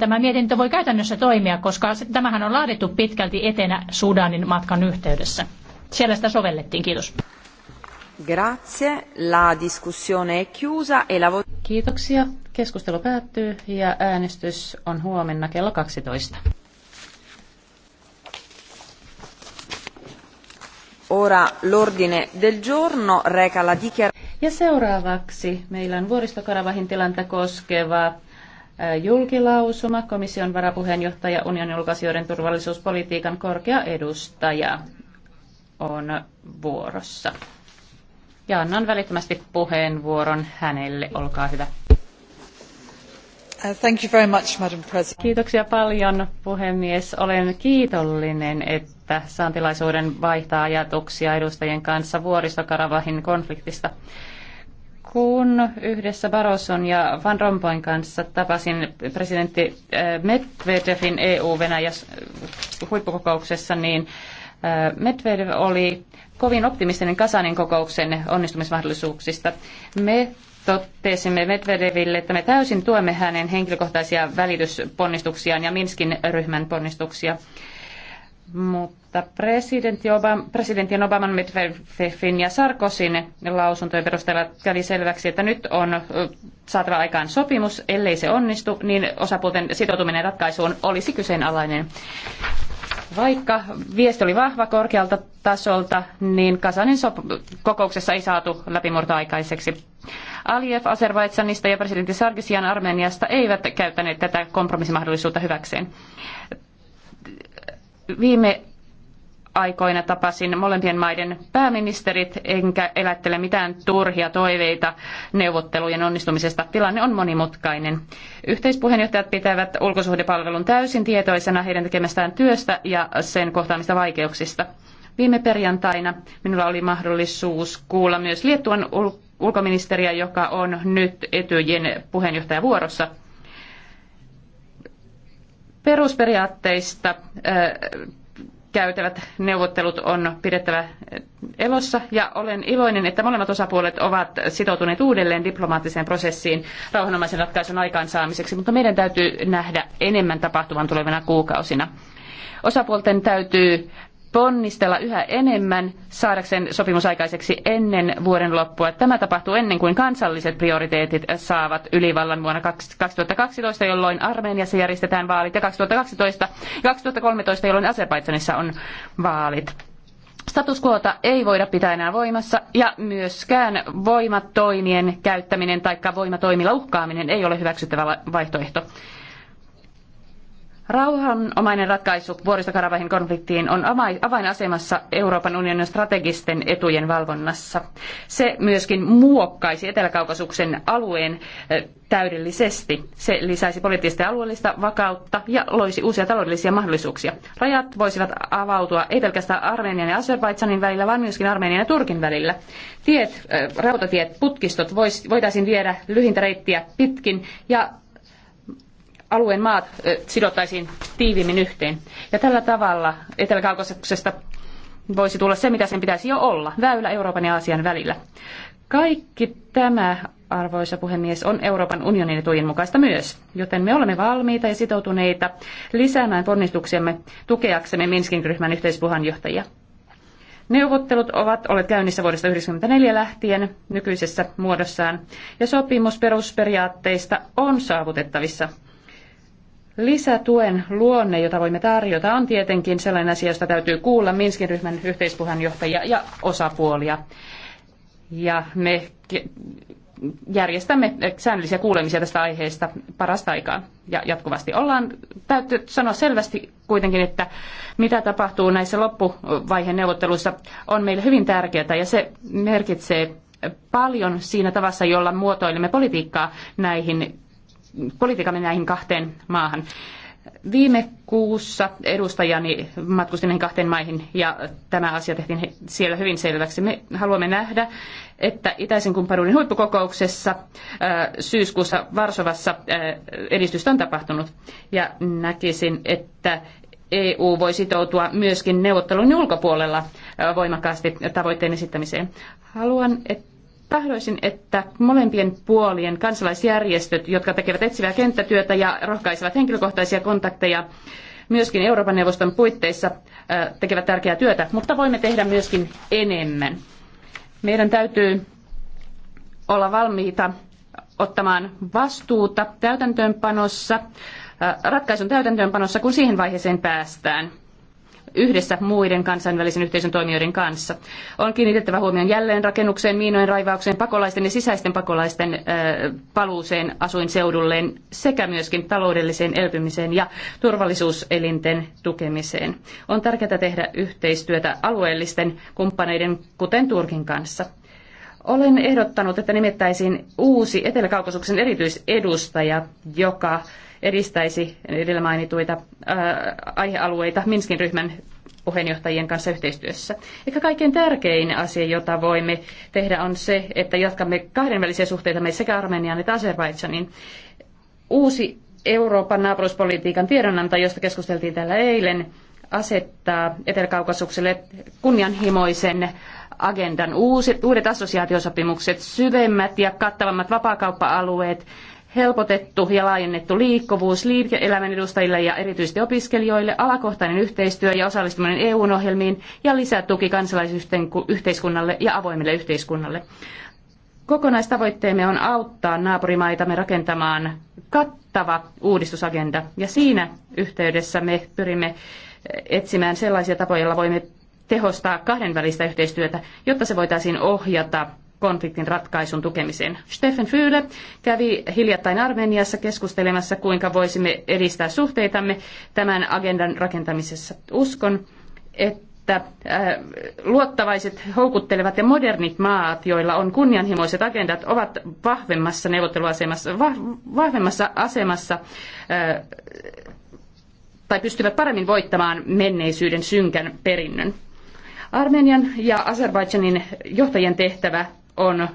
tämä mietintö voi käytännössä toimia, koska tämähän on laadittu pitkälti etenä Sudanin matkan yhteydessä. Siellä sitä sovellettiin. Kiitos. Grazie. La discussione è chiusa e la Kiitoksia. Keskustelu päättyy ja äänestys on huomenna kello 12. Ora l'ordine del giorno reca la dichiarazione. Ja seuraavaksi meillä on vuoristokarabahin tilanta koskeva julkilausuma, komission varapuheenjohtaja, unionin ulkoasioiden turvallisuuspolitiikan korkea edustaja on vuorossa. Ja annan välittömästi puheenvuoron hänelle. Olkaa hyvä. Uh, thank you very much, Madam President. Kiitoksia paljon, puhemies. Olen kiitollinen, että saan tilaisuuden vaihtaa ajatuksia edustajien kanssa vuoristokaravahin konfliktista kun yhdessä Baroson ja Van Rompuyn kanssa tapasin presidentti äh, Medvedevin EU-Venäjä äh, huippukokouksessa, niin äh, Medvedev oli kovin optimistinen Kasanin kokouksen onnistumismahdollisuuksista. Me totesimme Medvedeville, että me täysin tuemme hänen henkilökohtaisia välitysponnistuksiaan ja Minskin ryhmän ponnistuksia. Mutta presidentti Obama, presidentin Obaman, Medvedevin ja Sarkosin lausuntojen perusteella kävi selväksi, että nyt on saatava aikaan sopimus. Ellei se onnistu, niin osapuolten sitoutuminen ratkaisuun olisi kyseenalainen. Vaikka viesti oli vahva korkealta tasolta, niin Kasanin kokouksessa ei saatu läpimurto aikaiseksi. Aliyev Azerbaidsanista ja presidentti Sargisian Armeniasta eivät käyttäneet tätä kompromissimahdollisuutta hyväkseen Viime aikoina tapasin molempien maiden pääministerit, enkä elättele mitään turhia toiveita neuvottelujen onnistumisesta. Tilanne on monimutkainen. Yhteispuheenjohtajat pitävät ulkosuhdepalvelun täysin tietoisena heidän tekemästään työstä ja sen kohtaamista vaikeuksista. Viime perjantaina minulla oli mahdollisuus kuulla myös Liettuan ulkoministeriä, joka on nyt Etyjen puheenjohtajavuorossa perusperiaatteista käytävät neuvottelut on pidettävä elossa ja olen iloinen, että molemmat osapuolet ovat sitoutuneet uudelleen diplomaattiseen prosessiin rauhanomaisen ratkaisun aikaansaamiseksi, mutta meidän täytyy nähdä enemmän tapahtuvan tulevina kuukausina. Osapuolten täytyy ponnistella yhä enemmän saadakseen sopimus aikaiseksi ennen vuoden loppua. Tämä tapahtuu ennen kuin kansalliset prioriteetit saavat ylivallan vuonna 2012, jolloin Armeniassa järjestetään vaalit, ja 2012 ja 2013, jolloin Azerbaidsanissa on vaalit. Status quota ei voida pitää enää voimassa ja myöskään voimatoimien käyttäminen tai voimatoimilla uhkaaminen ei ole hyväksyttävä vaihtoehto. Rauhanomainen ratkaisu vuoristokarabahin konfliktiin on avainasemassa Euroopan unionin strategisten etujen valvonnassa. Se myöskin muokkaisi Etelä-Kaukasuksen alueen täydellisesti. Se lisäisi poliittista ja alueellista vakautta ja loisi uusia taloudellisia mahdollisuuksia. Rajat voisivat avautua ei pelkästään Armenian ja Azerbaidsanin välillä, vaan myöskin Armenian ja Turkin välillä. Tiet, rautatiet, putkistot voitaisiin viedä lyhintä reittiä pitkin ja alueen maat sidottaisiin tiiviimmin yhteen. Ja tällä tavalla Etelä-Kaukasuksesta voisi tulla se, mitä sen pitäisi jo olla, väylä Euroopan ja Aasian välillä. Kaikki tämä, arvoisa puhemies, on Euroopan unionin etujen mukaista myös, joten me olemme valmiita ja sitoutuneita lisäämään ponnistuksiamme tukeaksemme Minskin ryhmän yhteispuhanjohtajia. Neuvottelut ovat olleet käynnissä vuodesta 1994 lähtien nykyisessä muodossaan, ja sopimus perusperiaatteista on saavutettavissa Lisätuen luonne, jota voimme tarjota, on tietenkin sellainen asia, josta täytyy kuulla Minskin ryhmän yhteispuheenjohtajia ja osapuolia. Ja me järjestämme säännöllisiä kuulemisia tästä aiheesta parasta aikaa ja jatkuvasti. Ollaan, täytyy sanoa selvästi kuitenkin, että mitä tapahtuu näissä loppuvaiheen neuvotteluissa on meille hyvin tärkeää ja se merkitsee paljon siinä tavassa, jolla muotoilemme politiikkaa näihin politiikamme näihin kahteen maahan. Viime kuussa edustajani matkusti näihin kahteen maihin ja tämä asia tehtiin siellä hyvin selväksi. Me haluamme nähdä, että itäisen kumppanuuden huippukokouksessa syyskuussa Varsovassa edistystä on tapahtunut. Ja näkisin, että EU voi sitoutua myöskin neuvottelun ulkopuolella voimakkaasti tavoitteen esittämiseen. Haluan, että Tahdoisin, että molempien puolien kansalaisjärjestöt, jotka tekevät etsivää kenttätyötä ja rohkaisevat henkilökohtaisia kontakteja, myöskin Euroopan neuvoston puitteissa tekevät tärkeää työtä, mutta voimme tehdä myöskin enemmän. Meidän täytyy olla valmiita ottamaan vastuuta täytäntöönpanossa, ratkaisun täytäntöönpanossa, kun siihen vaiheeseen päästään yhdessä muiden kansainvälisen yhteisön toimijoiden kanssa. On kiinnitettävä huomioon jälleenrakennukseen, miinojen raivaukseen, pakolaisten ja sisäisten pakolaisten paluuseen asuinseudulleen sekä myöskin taloudelliseen elpymiseen ja turvallisuuselinten tukemiseen. On tärkeää tehdä yhteistyötä alueellisten kumppaneiden, kuten Turkin kanssa. Olen ehdottanut, että nimettäisiin uusi Etelä-Kaukasuksen erityisedustaja, joka edistäisi edellä mainituita aihealueita Minskin ryhmän puheenjohtajien kanssa yhteistyössä. Ehkä kaikkein tärkein asia, jota voimme tehdä, on se, että jatkamme kahdenvälisiä suhteita me sekä Armeniaan että Azerbaidžanin. Uusi Euroopan naapuruspolitiikan tiedonanto, josta keskusteltiin täällä eilen, asettaa Etelä-Kaukasukselle kunnianhimoisen agendan uudet assosiaatiosopimukset, syvemmät ja kattavammat vapaakauppa-alueet, helpotettu ja laajennettu liikkuvuus liike-elämän edustajille ja erityisesti opiskelijoille, alakohtainen yhteistyö ja osallistuminen EU-ohjelmiin ja lisätuki kansalaisyhteiskunnalle ja avoimelle yhteiskunnalle. Kokonaistavoitteemme on auttaa naapurimaitamme rakentamaan kattava uudistusagenda ja siinä yhteydessä me pyrimme etsimään sellaisia tapoja, joilla voimme tehostaa kahdenvälistä yhteistyötä, jotta se voitaisiin ohjata konfliktin ratkaisun tukemiseen. Steffen Füle kävi hiljattain Armeniassa keskustelemassa, kuinka voisimme edistää suhteitamme tämän agendan rakentamisessa. Uskon, että äh, luottavaiset, houkuttelevat ja modernit maat, joilla on kunnianhimoiset agendat, ovat vahvemmassa neuvotteluasemassa, vahvemmassa asemassa äh, tai pystyvät paremmin voittamaan menneisyyden synkän perinnön. Armenian ja Azerbaidžanin johtajien tehtävä on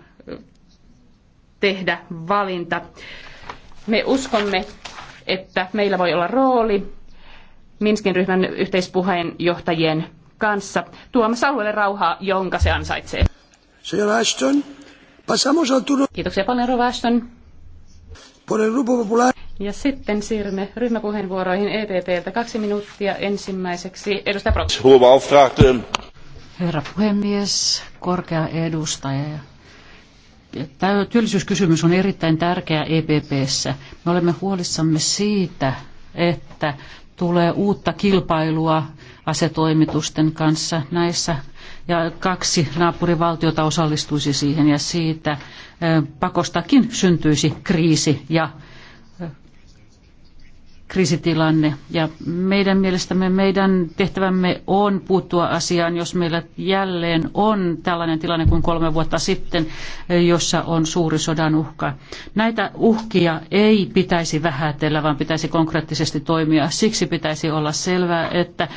tehdä valinta. Me uskomme, että meillä voi olla rooli Minskin ryhmän yhteispuheenjohtajien kanssa tuomassa alueelle rauhaa, jonka se ansaitsee. Ashton, al turno. Kiitoksia paljon, Rova Ashton. Por el Grupo Popular. Ja sitten siirrymme ryhmäpuheenvuoroihin EPPltä. Kaksi minuuttia ensimmäiseksi. Edustaja Brock. Herra puhemies, korkea edustaja. Tämä työllisyyskysymys on erittäin tärkeä EPPssä. Me olemme huolissamme siitä, että tulee uutta kilpailua asetoimitusten kanssa näissä ja kaksi naapurivaltiota osallistuisi siihen ja siitä pakostakin syntyisi kriisi ja kriisitilanne. Ja meidän mielestämme meidän tehtävämme on puuttua asiaan, jos meillä jälleen on tällainen tilanne kuin kolme vuotta sitten, jossa on suuri sodan uhka. Näitä uhkia ei pitäisi vähätellä, vaan pitäisi konkreettisesti toimia. Siksi pitäisi olla selvää, että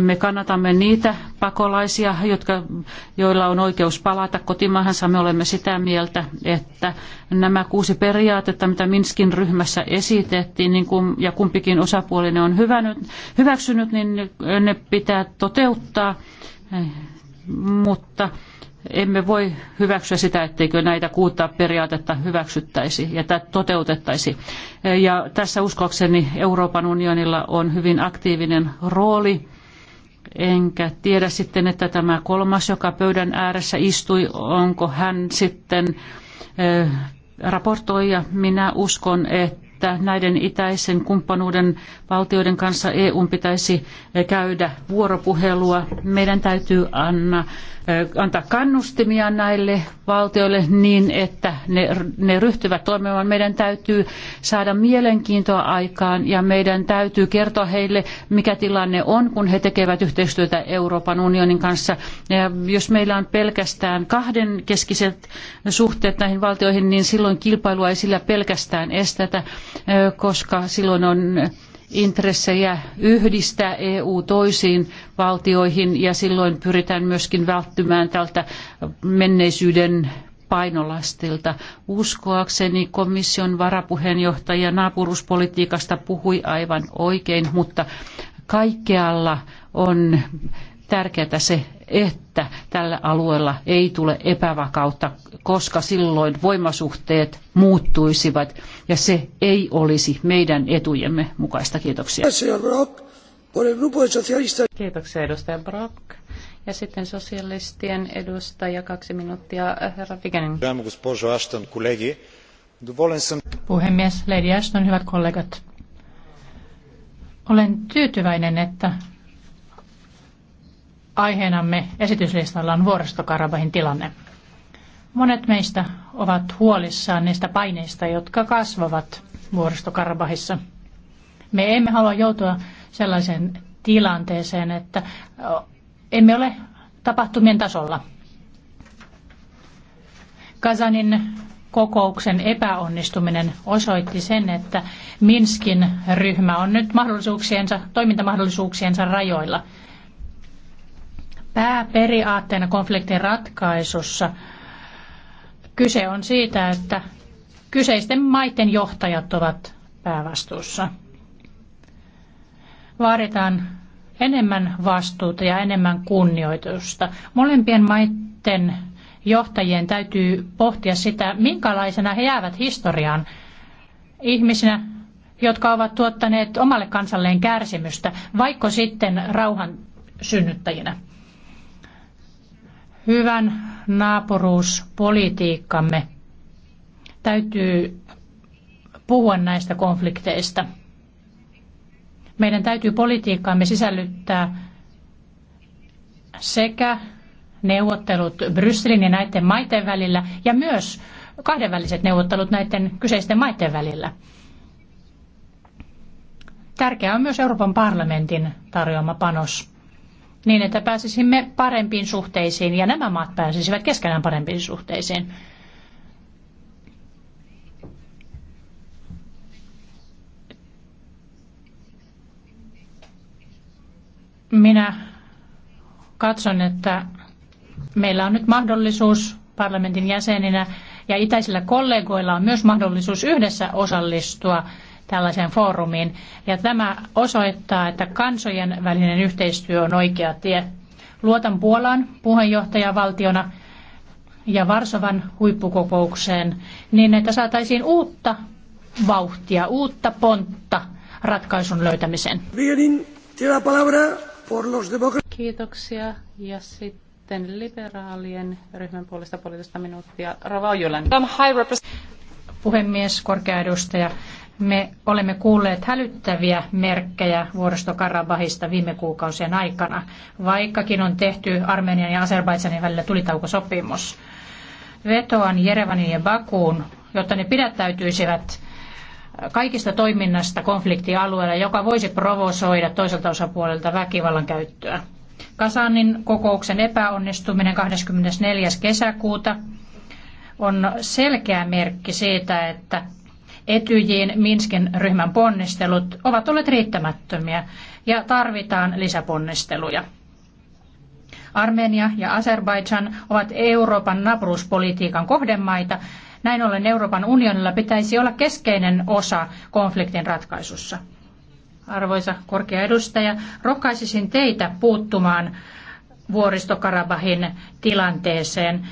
me kannatamme niitä pakolaisia, jotka, joilla on oikeus palata kotimaahansa. Me olemme sitä mieltä, että nämä kuusi periaatetta, mitä Minskin ryhmässä esitettiin niin kun, ja kumpikin osapuoli ne on hyvänyt, hyväksynyt, niin ne pitää toteuttaa. Mutta emme voi hyväksyä sitä, etteikö näitä kuutta periaatetta hyväksyttäisi ja toteutettaisi. Ja tässä uskokseni Euroopan unionilla on hyvin aktiivinen rooli Enkä tiedä sitten, että tämä kolmas, joka pöydän ääressä istui, onko hän sitten raportoija. Minä uskon, että että näiden itäisen kumppanuuden valtioiden kanssa EUn pitäisi käydä vuoropuhelua. Meidän täytyy anna, eh, antaa kannustimia näille valtioille niin, että ne, ne ryhtyvät toimimaan. Meidän täytyy saada mielenkiintoa aikaan ja meidän täytyy kertoa heille, mikä tilanne on, kun he tekevät yhteistyötä Euroopan unionin kanssa. Ja jos meillä on pelkästään kahden keskiset suhteet näihin valtioihin, niin silloin kilpailua ei sillä pelkästään estetä koska silloin on intressejä yhdistää EU toisiin valtioihin ja silloin pyritään myöskin välttymään tältä menneisyyden painolastilta. Uskoakseni komission varapuheenjohtaja naapuruspolitiikasta puhui aivan oikein, mutta kaikkialla on tärkeää se, että tällä alueella ei tule epävakautta, koska silloin voimasuhteet muuttuisivat ja se ei olisi meidän etujemme mukaista. Kiitoksia. Kiitoksia edustaja Brock. Ja sitten sosialistien edustaja kaksi minuuttia, herra Vigenin. Puhemies, Lady Ashton, hyvät kollegat. Olen tyytyväinen, että Aiheenamme esityslistalla on vuoristokarabahin tilanne. Monet meistä ovat huolissaan niistä paineista, jotka kasvavat vuoristokarabahissa. Me emme halua joutua sellaiseen tilanteeseen, että emme ole tapahtumien tasolla. Kazanin kokouksen epäonnistuminen osoitti sen, että Minskin ryhmä on nyt mahdollisuuksiensa, toimintamahdollisuuksiensa rajoilla – pääperiaatteena konfliktin ratkaisussa kyse on siitä, että kyseisten maiden johtajat ovat päävastuussa. Vaaditaan enemmän vastuuta ja enemmän kunnioitusta. Molempien maiden johtajien täytyy pohtia sitä, minkälaisena he jäävät historiaan ihmisinä, jotka ovat tuottaneet omalle kansalleen kärsimystä, vaikka sitten rauhan synnyttäjinä. Hyvän naapuruuspolitiikkamme täytyy puhua näistä konflikteista. Meidän täytyy politiikkaamme sisällyttää sekä neuvottelut Brysselin ja näiden maiden välillä ja myös kahdenväliset neuvottelut näiden kyseisten maiden välillä. Tärkeää on myös Euroopan parlamentin tarjoama panos niin, että pääsisimme parempiin suhteisiin ja nämä maat pääsisivät keskenään parempiin suhteisiin. Minä katson, että meillä on nyt mahdollisuus parlamentin jäseninä ja itäisillä kollegoilla on myös mahdollisuus yhdessä osallistua tällaiseen foorumiin. Ja tämä osoittaa, että kansojen välinen yhteistyö on oikea tie. Luotan Puolaan puheenjohtajavaltiona ja Varsovan huippukokoukseen niin, että saataisiin uutta vauhtia, uutta pontta ratkaisun löytämiseen. Kiitoksia. Ja sitten liberaalien ryhmän puolesta puolitoista minuuttia. Rova Puhemies, korkea edustaja. Me olemme kuulleet hälyttäviä merkkejä vuoristokarabahista viime kuukausien aikana, vaikkakin on tehty Armenian ja Azerbaidsanin välillä tulitaukosopimus. Vetoan Jerevanin ja Bakuun, jotta ne pidättäytyisivät kaikista toiminnasta konfliktialueella, joka voisi provosoida toiselta osapuolelta väkivallan käyttöä. Kasanin kokouksen epäonnistuminen 24. kesäkuuta on selkeä merkki siitä, että Etyjin Minskin ryhmän ponnistelut ovat olleet riittämättömiä ja tarvitaan lisäponnisteluja. Armenia ja Azerbaidžan ovat Euroopan naapuruuspolitiikan kohdemaita. Näin ollen Euroopan unionilla pitäisi olla keskeinen osa konfliktin ratkaisussa. Arvoisa korkea edustaja, rohkaisisin teitä puuttumaan vuoristokarabahin tilanteeseen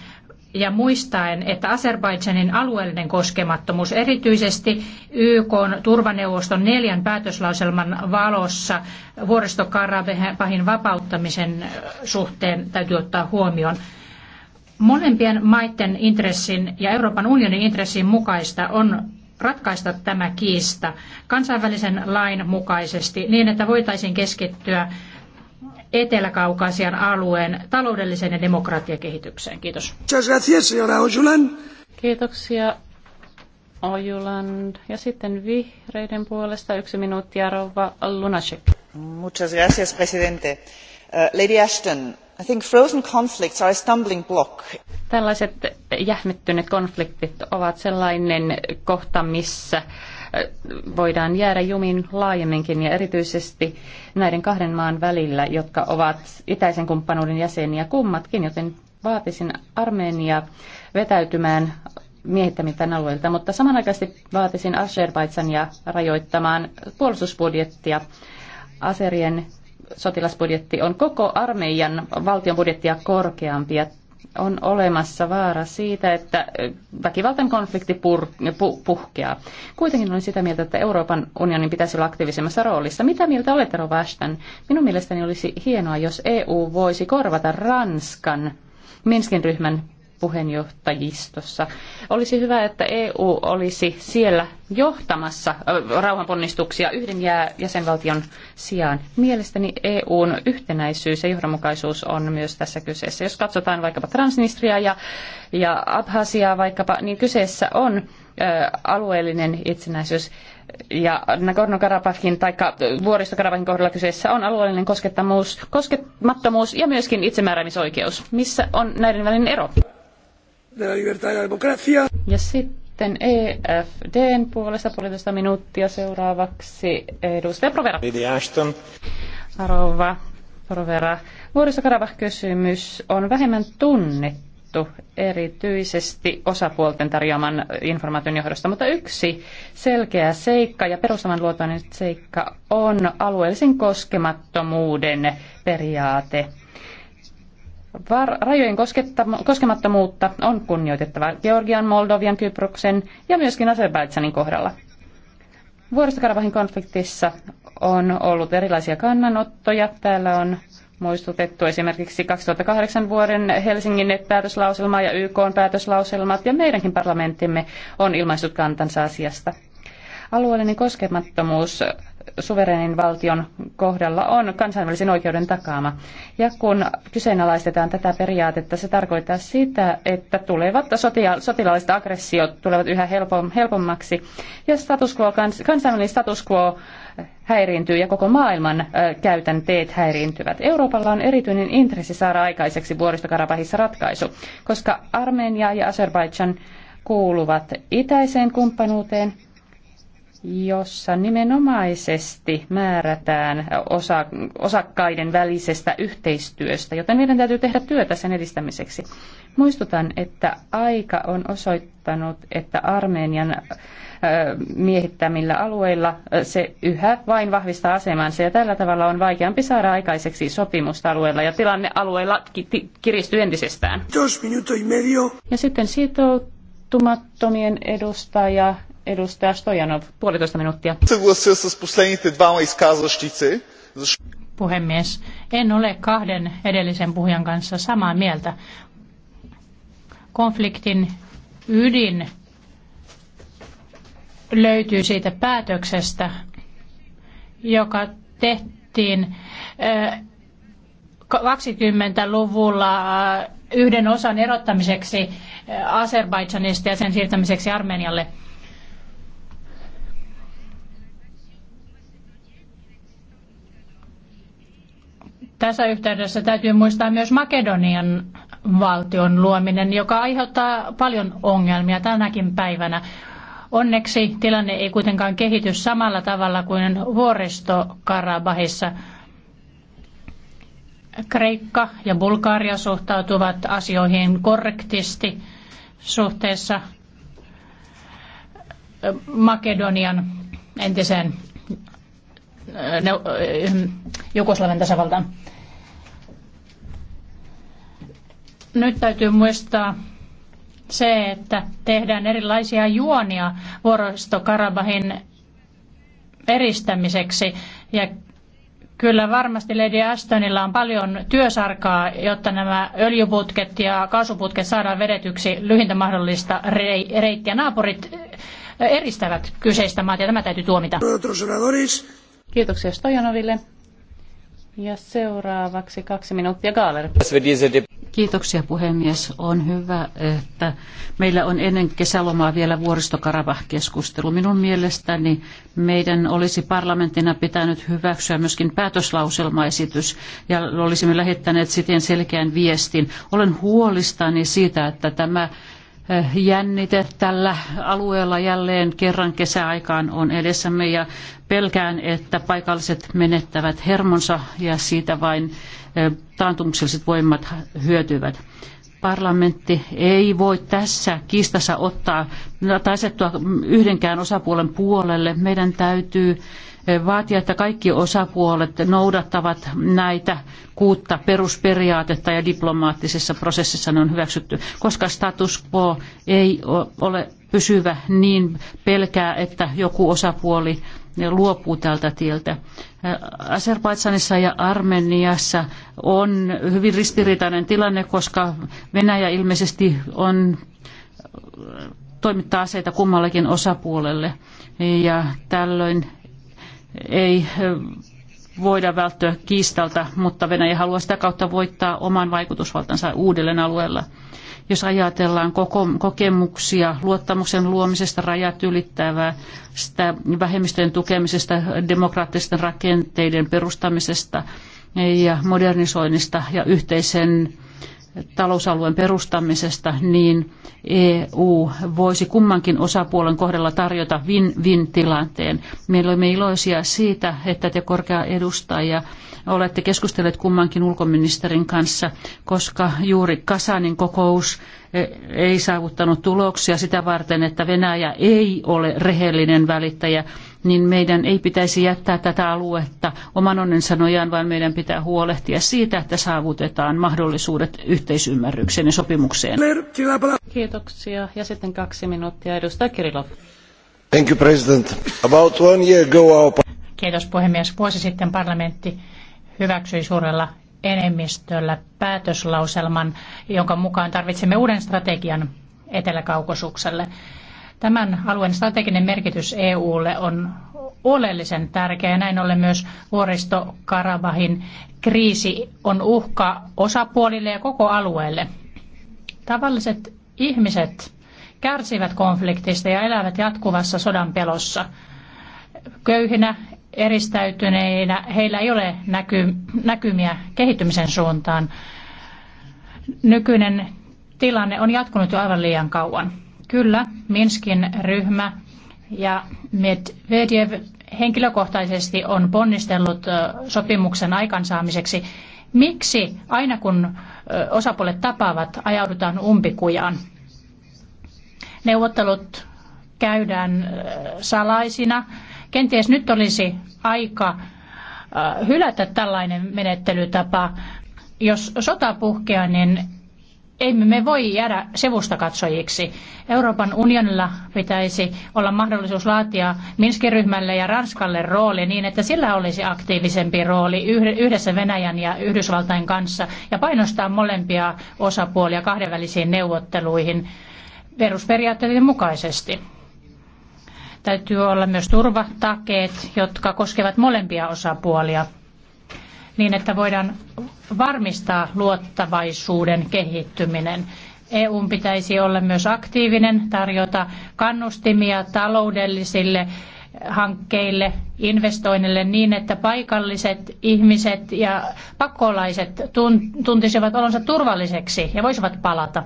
ja muistaen, että Azerbaidžanin alueellinen koskemattomuus erityisesti YK turvaneuvoston neljän päätöslauselman valossa vuoristokarabahin vapauttamisen suhteen täytyy ottaa huomioon. Molempien maiden intressin ja Euroopan unionin intressin mukaista on ratkaista tämä kiista kansainvälisen lain mukaisesti niin, että voitaisiin keskittyä Etelä-Kaukasian alueen taloudelliseen ja demokratiakehitykseen. Kiitos. Kiitoksia Ojuland. Ja sitten vihreiden puolesta yksi minuutti arvoa Lunacek. Muchas gracias, presidente. Uh, Lady Ashton, I think frozen conflicts are a stumbling block. Tällaiset jähmettyneet konfliktit ovat sellainen kohta, missä uh, voidaan jäädä jumiin laajemminkin ja erityisesti näiden kahden maan välillä, jotka ovat itäisen kumppanuuden jäseniä kummatkin, joten vaatisin Armenia vetäytymään miehittämiltään alueilta, mutta samanaikaisesti vaatisin Azerbaidsania rajoittamaan puolustusbudjettia. Aserien sotilasbudjetti on koko armeijan valtion budjettia korkeampi ja on olemassa vaara siitä, että väkivaltainen konflikti pur, pu, puhkeaa. Kuitenkin olen sitä mieltä, että Euroopan unionin pitäisi olla aktiivisemmassa roolissa. Mitä mieltä olette Rovastan? Minun mielestäni olisi hienoa, jos EU voisi korvata Ranskan Minskin ryhmän puheenjohtajistossa. Olisi hyvä, että EU olisi siellä johtamassa rauhanponnistuksia yhden jäsenvaltion sijaan. Mielestäni EUn yhtenäisyys ja johdonmukaisuus on myös tässä kyseessä. Jos katsotaan vaikkapa Transnistriaa ja, ja Abhasiaa vaikkapa, niin kyseessä on alueellinen itsenäisyys. Ja Nagorno-Karabakhin tai vuoristokarabahin kohdalla kyseessä on alueellinen koskettamuus, koskemattomuus ja myöskin itsemääräämisoikeus. Missä on näiden välinen ero? de la libertad y la democracia. Ja sitten EFDn puolesta puolitoista minuuttia seuraavaksi edustaja Provera. Ashton. Arova Provera. Vuoristokarabah-kysymys on vähemmän tunnettu erityisesti osapuolten tarjoaman informaation johdosta, mutta yksi selkeä seikka ja perustavanluotoinen seikka on alueellisen koskemattomuuden periaate – Var- rajojen koskemattomuutta on kunnioitettava Georgian, Moldovian, Kyproksen ja myöskin Azerbaidsanin kohdalla. Vuoristokarvahin konfliktissa on ollut erilaisia kannanottoja. Täällä on muistutettu esimerkiksi 2008 vuoden Helsingin päätöslauselma ja YK päätöslauselmat ja meidänkin parlamenttimme on ilmaissut kantansa asiasta. Alueellinen koskemattomuus suverenin valtion kohdalla on kansainvälisen oikeuden takaama. Ja kun kyseenalaistetaan tätä periaatetta, se tarkoittaa sitä, että tulevat sotilaalliset aggressiot tulevat yhä helpommaksi ja status quo, kansainvälinen status quo häiriintyy ja koko maailman käytänteet häiriintyvät. Euroopalla on erityinen intressi saada aikaiseksi vuoristokarabahissa ratkaisu, koska Armenia ja Azerbaidžan kuuluvat itäiseen kumppanuuteen – jossa nimenomaisesti määrätään osa, osakkaiden välisestä yhteistyöstä, joten meidän täytyy tehdä työtä sen edistämiseksi. Muistutan, että aika on osoittanut, että Armenian miehittämillä alueilla se yhä vain vahvistaa asemansa ja tällä tavalla on vaikeampi saada aikaiseksi sopimusta alueella ja tilanne alueella kiristyy entisestään. Ja sitten sitoutumattomien edustaja Edustaja Stojanov, puolitoista minuuttia. Puhemies, en ole kahden edellisen puhujan kanssa samaa mieltä. Konfliktin ydin löytyy siitä päätöksestä, joka tehtiin 20-luvulla äh, äh, yhden osan erottamiseksi äh, Azerbaidžanista ja sen siirtämiseksi Armenialle. Tässä yhteydessä täytyy muistaa myös Makedonian valtion luominen, joka aiheuttaa paljon ongelmia tänäkin päivänä. Onneksi tilanne ei kuitenkaan kehity samalla tavalla kuin vuoristo Karabahissa. Kreikka ja Bulgaria suhtautuvat asioihin korrektisti suhteessa Makedonian entiseen Jugoslavian tasavaltaan. Nyt täytyy muistaa se, että tehdään erilaisia juonia vuoristo Karabahin eristämiseksi ja Kyllä varmasti Lady Astonilla on paljon työsarkaa, jotta nämä öljyputket ja kaasuputket saadaan vedetyksi lyhintä mahdollista reittiä. Naapurit eristävät kyseistä maata ja tämä täytyy tuomita. Kiitoksia Stojanoville. Ja seuraavaksi kaksi minuuttia Gaaler. Kiitoksia puhemies. On hyvä, että meillä on ennen kesälomaa vielä vuoristokarabah-keskustelu. Minun mielestäni meidän olisi parlamenttina pitänyt hyväksyä myöskin päätöslauselmaesitys ja olisimme lähettäneet siten selkeän viestin. Olen huolistani siitä, että tämä Eh, jännite tällä alueella jälleen kerran kesäaikaan on edessämme ja pelkään, että paikalliset menettävät hermonsa ja siitä vain eh, taantumukselliset voimat hyötyvät. Parlamentti ei voi tässä kiistassa ottaa tai asettua yhdenkään osapuolen puolelle. Meidän täytyy Eh, vaatia, että kaikki osapuolet noudattavat näitä kuutta perusperiaatetta ja diplomaattisessa prosessissa ne on hyväksytty, koska status quo ei ole pysyvä niin pelkää, että joku osapuoli luopuu tältä tieltä. Eh, Azerbaidsanissa ja Armeniassa on hyvin ristiriitainen tilanne, koska Venäjä ilmeisesti on eh, toimittaa aseita kummallekin osapuolelle. Ja tällöin ei eh, voida välttyä kiistalta, mutta Venäjä haluaa sitä kautta voittaa oman vaikutusvaltansa uudelleen alueella. Jos ajatellaan kokemuksia luottamuksen luomisesta, rajat ylittävää, sitä vähemmistöjen tukemisesta, demokraattisten rakenteiden perustamisesta ja modernisoinnista ja yhteisen talousalueen perustamisesta, niin EU voisi kummankin osapuolen kohdalla tarjota win-win tilanteen. Me olemme iloisia siitä, että te korkea edustaja olette keskustelleet kummankin ulkoministerin kanssa, koska juuri Kasanin kokous e, ei saavuttanut tuloksia sitä varten, että Venäjä ei ole rehellinen välittäjä niin meidän ei pitäisi jättää tätä aluetta oman onnensa nojaan, vaan meidän pitää huolehtia siitä, että saavutetaan mahdollisuudet yhteisymmärrykseen ja sopimukseen. Kiitoksia. Ja sitten kaksi minuuttia edustaja Kirilov. Thank you, President. About one year ago our... Kiitos puhemies. Vuosi sitten parlamentti hyväksyi suurella enemmistöllä päätöslauselman, jonka mukaan tarvitsemme uuden strategian Etelä-Kaukosukselle. Tämän alueen strateginen merkitys EUlle on oleellisen tärkeä ja näin ollen myös vuoristo-Karabahin kriisi on uhka osapuolille ja koko alueelle. Tavalliset ihmiset kärsivät konfliktista ja elävät jatkuvassa sodan pelossa. Köyhinä, eristäytyneinä, heillä ei ole näky, näkymiä kehittymisen suuntaan. Nykyinen tilanne on jatkunut jo aivan liian kauan. Kyllä, Minskin ryhmä ja Medvedev henkilökohtaisesti on ponnistellut sopimuksen aikansaamiseksi. Miksi aina kun osapuolet tapaavat, ajaudutaan umpikujaan? Neuvottelut käydään salaisina. Kenties nyt olisi aika hylätä tällainen menettelytapa. Jos sota puhkeaa, niin emme me voi jäädä sivustakatsojiksi. Euroopan unionilla pitäisi olla mahdollisuus laatia Minskin ryhmälle ja Ranskalle rooli niin, että sillä olisi aktiivisempi rooli yhdessä Venäjän ja Yhdysvaltain kanssa ja painostaa molempia osapuolia kahdenvälisiin neuvotteluihin perusperiaatteiden mukaisesti. Täytyy olla myös turvatakeet, jotka koskevat molempia osapuolia – niin, että voidaan varmistaa luottavaisuuden kehittyminen. EUn pitäisi olla myös aktiivinen, tarjota kannustimia taloudellisille hankkeille, investoinneille niin, että paikalliset ihmiset ja pakolaiset tuntisivat olonsa turvalliseksi ja voisivat palata.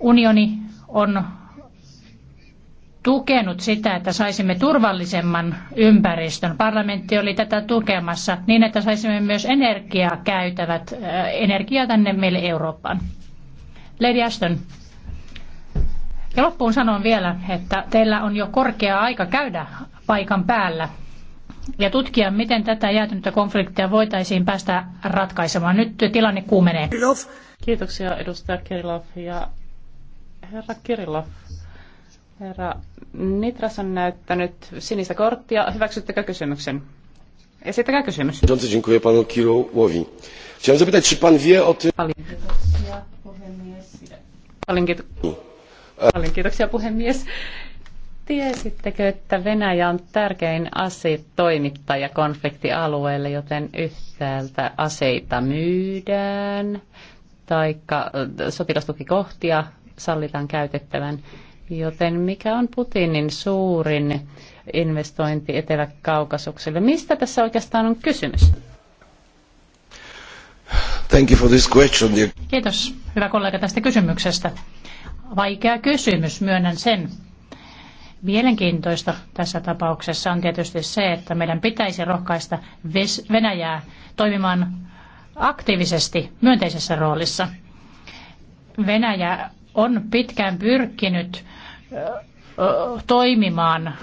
Unioni on tukenut sitä, että saisimme turvallisemman ympäristön. Parlamentti oli tätä tukemassa niin, että saisimme myös energiaa käytävät, äh, energiaa tänne meille Eurooppaan. Lady Ashton. Ja loppuun sanon vielä, että teillä on jo korkea aika käydä paikan päällä ja tutkia, miten tätä jäätynyttä konfliktia voitaisiin päästä ratkaisemaan. Nyt tilanne kuumenee. Kiitoksia edustaja Kirilov ja herra Kirilov. Herra Nitras on näyttänyt sinistä korttia. Hyväksyttekö kysymyksen? Esittäkää kysymys. Dziękuję panu Kirołowi. Chciałem zapytać, czy pan wie o tym... Paljon kiitoksia, puhemies. Paljon, kiitoksia. Paljon kiitoksia, puhemies. Tiesittekö, että Venäjä on tärkein asetoimittaja konfliktialueelle, joten yhtäältä aseita myydään, taikka sotilastukikohtia sallitaan käytettävän Joten mikä on Putinin suurin investointi Etelä-Kaukasukselle? Mistä tässä oikeastaan on kysymys? Thank you for this question. Kiitos, hyvä kollega, tästä kysymyksestä. Vaikea kysymys, myönnän sen. Mielenkiintoista tässä tapauksessa on tietysti se, että meidän pitäisi rohkaista Venäjää toimimaan aktiivisesti myönteisessä roolissa. Venäjä on pitkään pyrkinyt toimimaan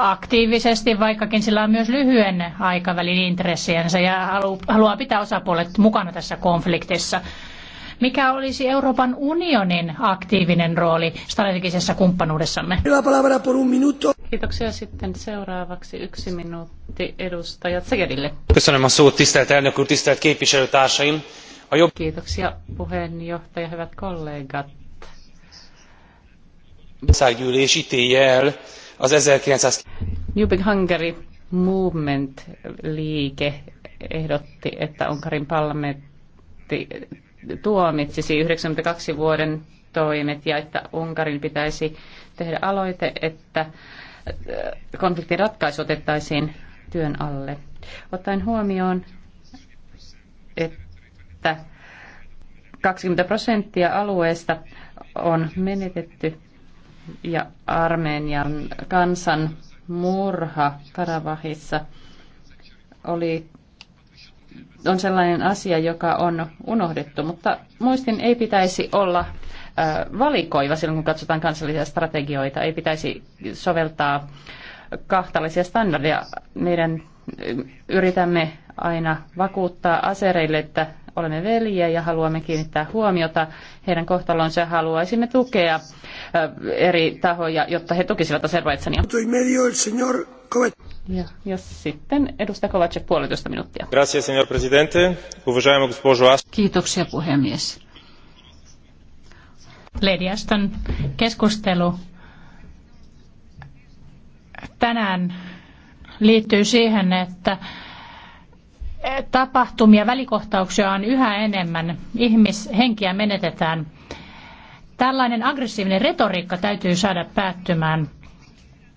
aktiivisesti, vaikkakin sillä on myös lyhyen aikavälin intressiensä ja haluaa pitää osapuolet mukana tässä konfliktissa. Mikä olisi Euroopan unionin aktiivinen rooli strategisessa kumppanuudessamme? Kiitoksia sitten seuraavaksi yksi minuutti edustaja Zegerille. Köszönöm a tisztelt elnök úr, tisztelt képviselőtársaim! Kiitoksia puheenjohtaja, hyvät kollegat. Országgyűlés ítéli az 1900... New Big Hungary Movement-liike ehdotti, että Unkarin parlamentti tuomitsisi 92 vuoden toimet ja että Unkarin pitäisi tehdä aloite, että äh, konfliktin ratkaisu otettaisiin työn alle. Ottaen huomioon, että että 20 prosenttia alueesta on menetetty ja Armenian kansan murha Karavahissa oli, on sellainen asia, joka on unohdettu, mutta muistin ei pitäisi olla valikoiva silloin, kun katsotaan kansallisia strategioita. Ei pitäisi soveltaa kahtalaisia standardeja. Meidän yritämme aina vakuuttaa asereille, että olemme veljiä ja haluamme kiinnittää huomiota heidän kohtalonsa ja haluaisimme tukea eri tahoja, jotta he tukisivat Azerbaidsania. Ja, ja sitten edustaja Kovacek puolitoista minuuttia. Gracias, señor presidente. Kiitoksia puhemies. Lady Aston, keskustelu tänään liittyy siihen, että tapahtumia, välikohtauksia on yhä enemmän, ihmishenkiä menetetään. Tällainen aggressiivinen retoriikka täytyy saada päättymään.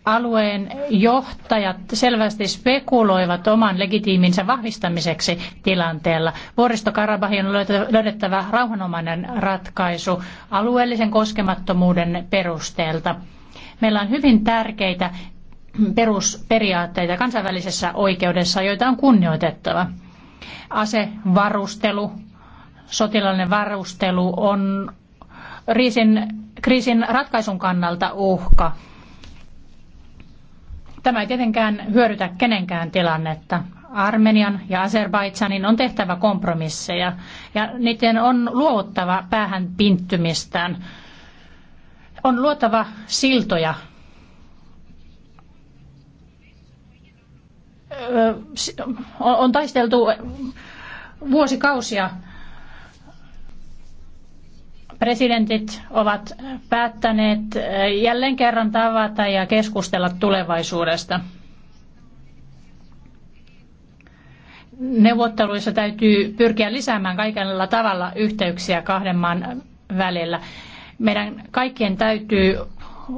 Alueen johtajat selvästi spekuloivat oman legitiiminsä vahvistamiseksi tilanteella. Vuoristokarabahin on löydettävä rauhanomainen ratkaisu alueellisen koskemattomuuden perusteelta. Meillä on hyvin tärkeitä perusperiaatteita kansainvälisessä oikeudessa, joita on kunnioitettava. Asevarustelu, sotilaallinen varustelu on riisin, kriisin ratkaisun kannalta uhka. Tämä ei tietenkään hyödytä kenenkään tilannetta. Armenian ja Azerbaidsanin on tehtävä kompromisseja ja niiden on luovuttava päähän pinttymistään. On luotava siltoja on taisteltu vuosikausia. Presidentit ovat päättäneet jälleen kerran tavata ja keskustella tulevaisuudesta. Neuvotteluissa täytyy pyrkiä lisäämään kaikella tavalla yhteyksiä kahden maan välillä. Meidän kaikkien täytyy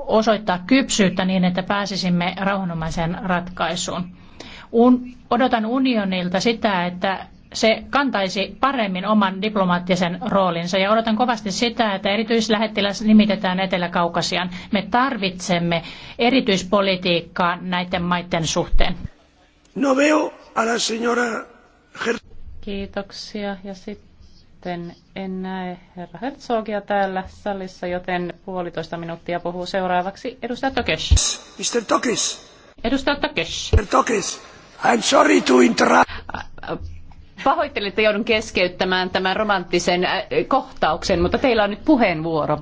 osoittaa kypsyyttä niin, että pääsisimme rauhanomaiseen ratkaisuun. Un, odotan unionilta sitä, että se kantaisi paremmin oman diplomaattisen roolinsa ja odotan kovasti sitä, että erityislähettiläs nimitetään Etelä-Kaukasian. Me tarvitsemme erityispolitiikkaa näiden maiden suhteen. No veo a la señora Kiitoksia ja sitten en näe herra Herzogia täällä salissa, joten puolitoista minuuttia puhuu seuraavaksi edustaja Tokes. Mr. Tokes. Edustaja Tokes. Mr. Tokes. I'm sorry to interrupt. Pahoittelen, että joudun keskeyttämään tämän romanttisen äh, kohtauksen, mutta teillä on nyt puheenvuoro.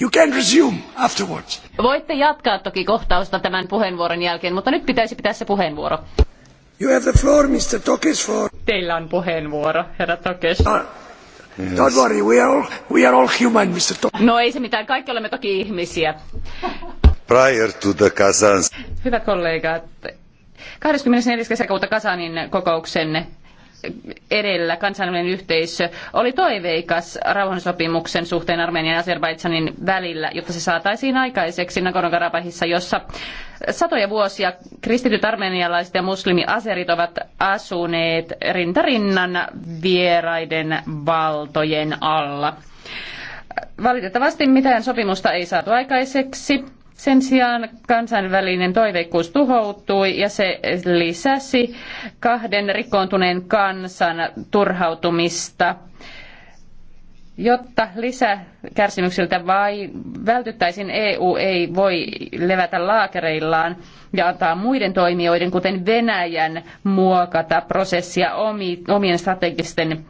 You can resume afterwards. Voitte jatkaa toki kohtausta tämän puheenvuoron jälkeen, mutta nyt pitäisi pitää se puheenvuoro. You have the floor, Mr. Tokes, for... Teillä on puheenvuoro, herra Tokes. Uh. Don't worry, we are all, we are all human, Mr. Tom. No ei se mitään, kaikki olemme toki ihmisiä. Prior to the Kazans. Hyvät kollegat, 24. kesäkuuta Kasanin kokouksen edellä kansainvälinen yhteisö oli toiveikas rauhansopimuksen suhteen Armenian ja Azerbaidsanin välillä, jotta se saataisiin aikaiseksi Nagorno-Karabahissa, jossa satoja vuosia kristityt armenialaiset ja muslimi-aserit ovat asuneet rintarinnan vieraiden valtojen alla. Valitettavasti mitään sopimusta ei saatu aikaiseksi sen sijaan kansainvälinen toiveikkuus tuhoutui ja se lisäsi kahden rikkoontuneen kansan turhautumista Jotta lisäkärsimyksiltä vai vältyttäisiin, EU ei voi levätä laakereillaan ja antaa muiden toimijoiden, kuten Venäjän, muokata prosessia omien strategisten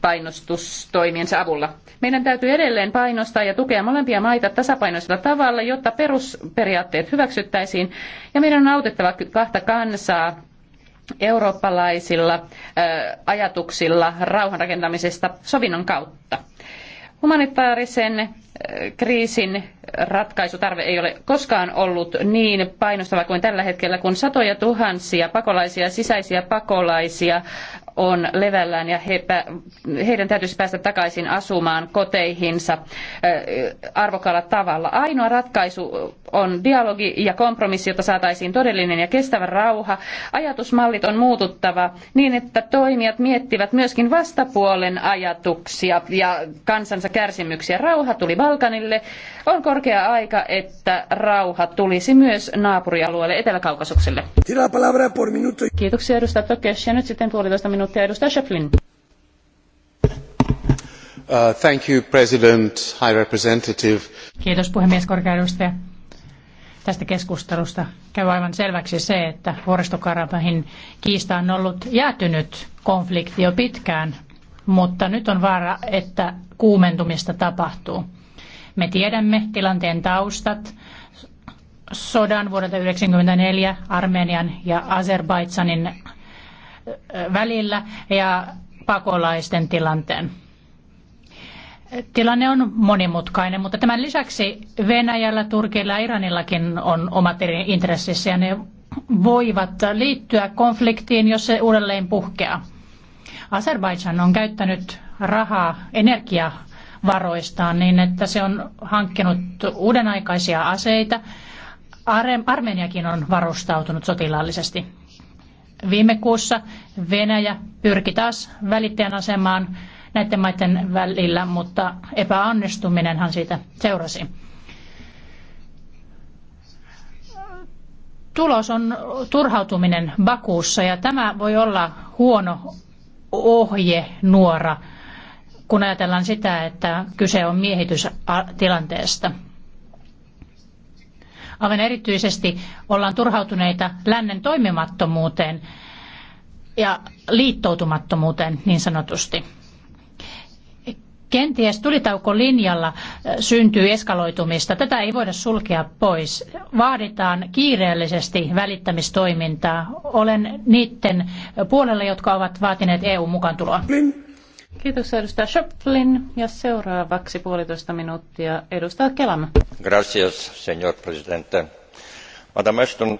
painostustoimiensa avulla. Meidän täytyy edelleen painostaa ja tukea molempia maita tasapainoisella tavalla, jotta perusperiaatteet hyväksyttäisiin, ja meidän on autettava kahta kansaa eurooppalaisilla ajatuksilla rauhanrakentamisesta sovinnon kautta. Humanitaarisen äh, kriisin ratkaisutarve ei ole koskaan ollut niin painostava kuin tällä hetkellä, kun satoja tuhansia pakolaisia, sisäisiä pakolaisia on levällään ja heidän täytyisi päästä takaisin asumaan koteihinsa äh, arvokkaalla tavalla. Ainoa ratkaisu on dialogi ja kompromissi, jotta saataisiin todellinen ja kestävä rauha. Ajatusmallit on muututtava niin, että toimijat miettivät myöskin vastapuolen ajatuksia ja kansansa kärsimyksiä. Rauha tuli Balkanille. On korkea aika, että rauha tulisi myös naapurialueelle Etelä-Kaukasukselle. Kiitoksia edustaja Tökes. Ja nyt sitten puolitoista minuuttia Uh, thank you, President, High Representative. Kiitos puhemies edustaja. Tästä keskustelusta käy aivan selväksi se, että vuoristokarabahin kiista on ollut jäätynyt konflikti jo pitkään, mutta nyt on vaara, että kuumentumista tapahtuu. Me tiedämme tilanteen taustat, sodan vuodelta 1994 Armenian ja Azerbaidsanin välillä ja pakolaisten tilanteen. Tilanne on monimutkainen, mutta tämän lisäksi Venäjällä, Turkilla ja Iranillakin on omat eri intressissä ja ne voivat liittyä konfliktiin, jos se uudelleen puhkeaa. Azerbaidžan on käyttänyt rahaa energiavaroistaan niin, että se on hankkinut uudenaikaisia aseita. Armeniakin on varustautunut sotilaallisesti. Viime kuussa Venäjä pyrki taas välittäjän asemaan näiden maiden välillä, mutta epäonnistuminenhan siitä seurasi. Tulos on turhautuminen Bakuussa ja tämä voi olla huono ohje nuora, kun ajatellaan sitä, että kyse on miehitystilanteesta aivan erityisesti ollaan turhautuneita lännen toimimattomuuteen ja liittoutumattomuuteen niin sanotusti. Kenties tulitaukolinjalla syntyy eskaloitumista. Tätä ei voida sulkea pois. Vaaditaan kiireellisesti välittämistoimintaa. Olen niiden puolella, jotka ovat vaatineet EU mukaan tuloa. Kiitos edustaja Schöpflin ja seuraavaksi puolitoista minuuttia edustaja Kelam. Gracias, señor presidente. Madame Ashton.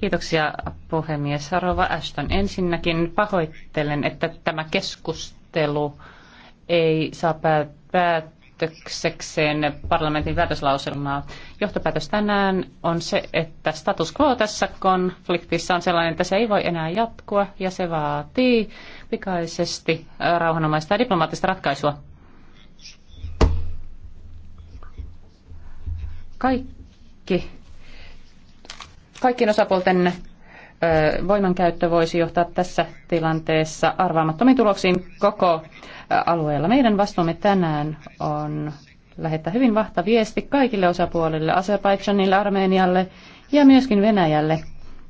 Kiitoksia puhemies. Rova Ashton, ensinnäkin pahoittelen, että tämä keskustelu ei saa päättää päätöksekseen parlamentin päätöslauselmaa. Johtopäätös tänään on se, että status quo tässä konfliktissa on sellainen, että se ei voi enää jatkua ja se vaatii pikaisesti äh, rauhanomaista ja diplomaattista ratkaisua. Kaikki, kaikkien osapuolten voimankäyttö voisi johtaa tässä tilanteessa arvaamattomiin tuloksiin koko alueella. Meidän vastuumme tänään on lähettää hyvin vahta viesti kaikille osapuolille, Azerbaidžanille, Armenialle ja myöskin Venäjälle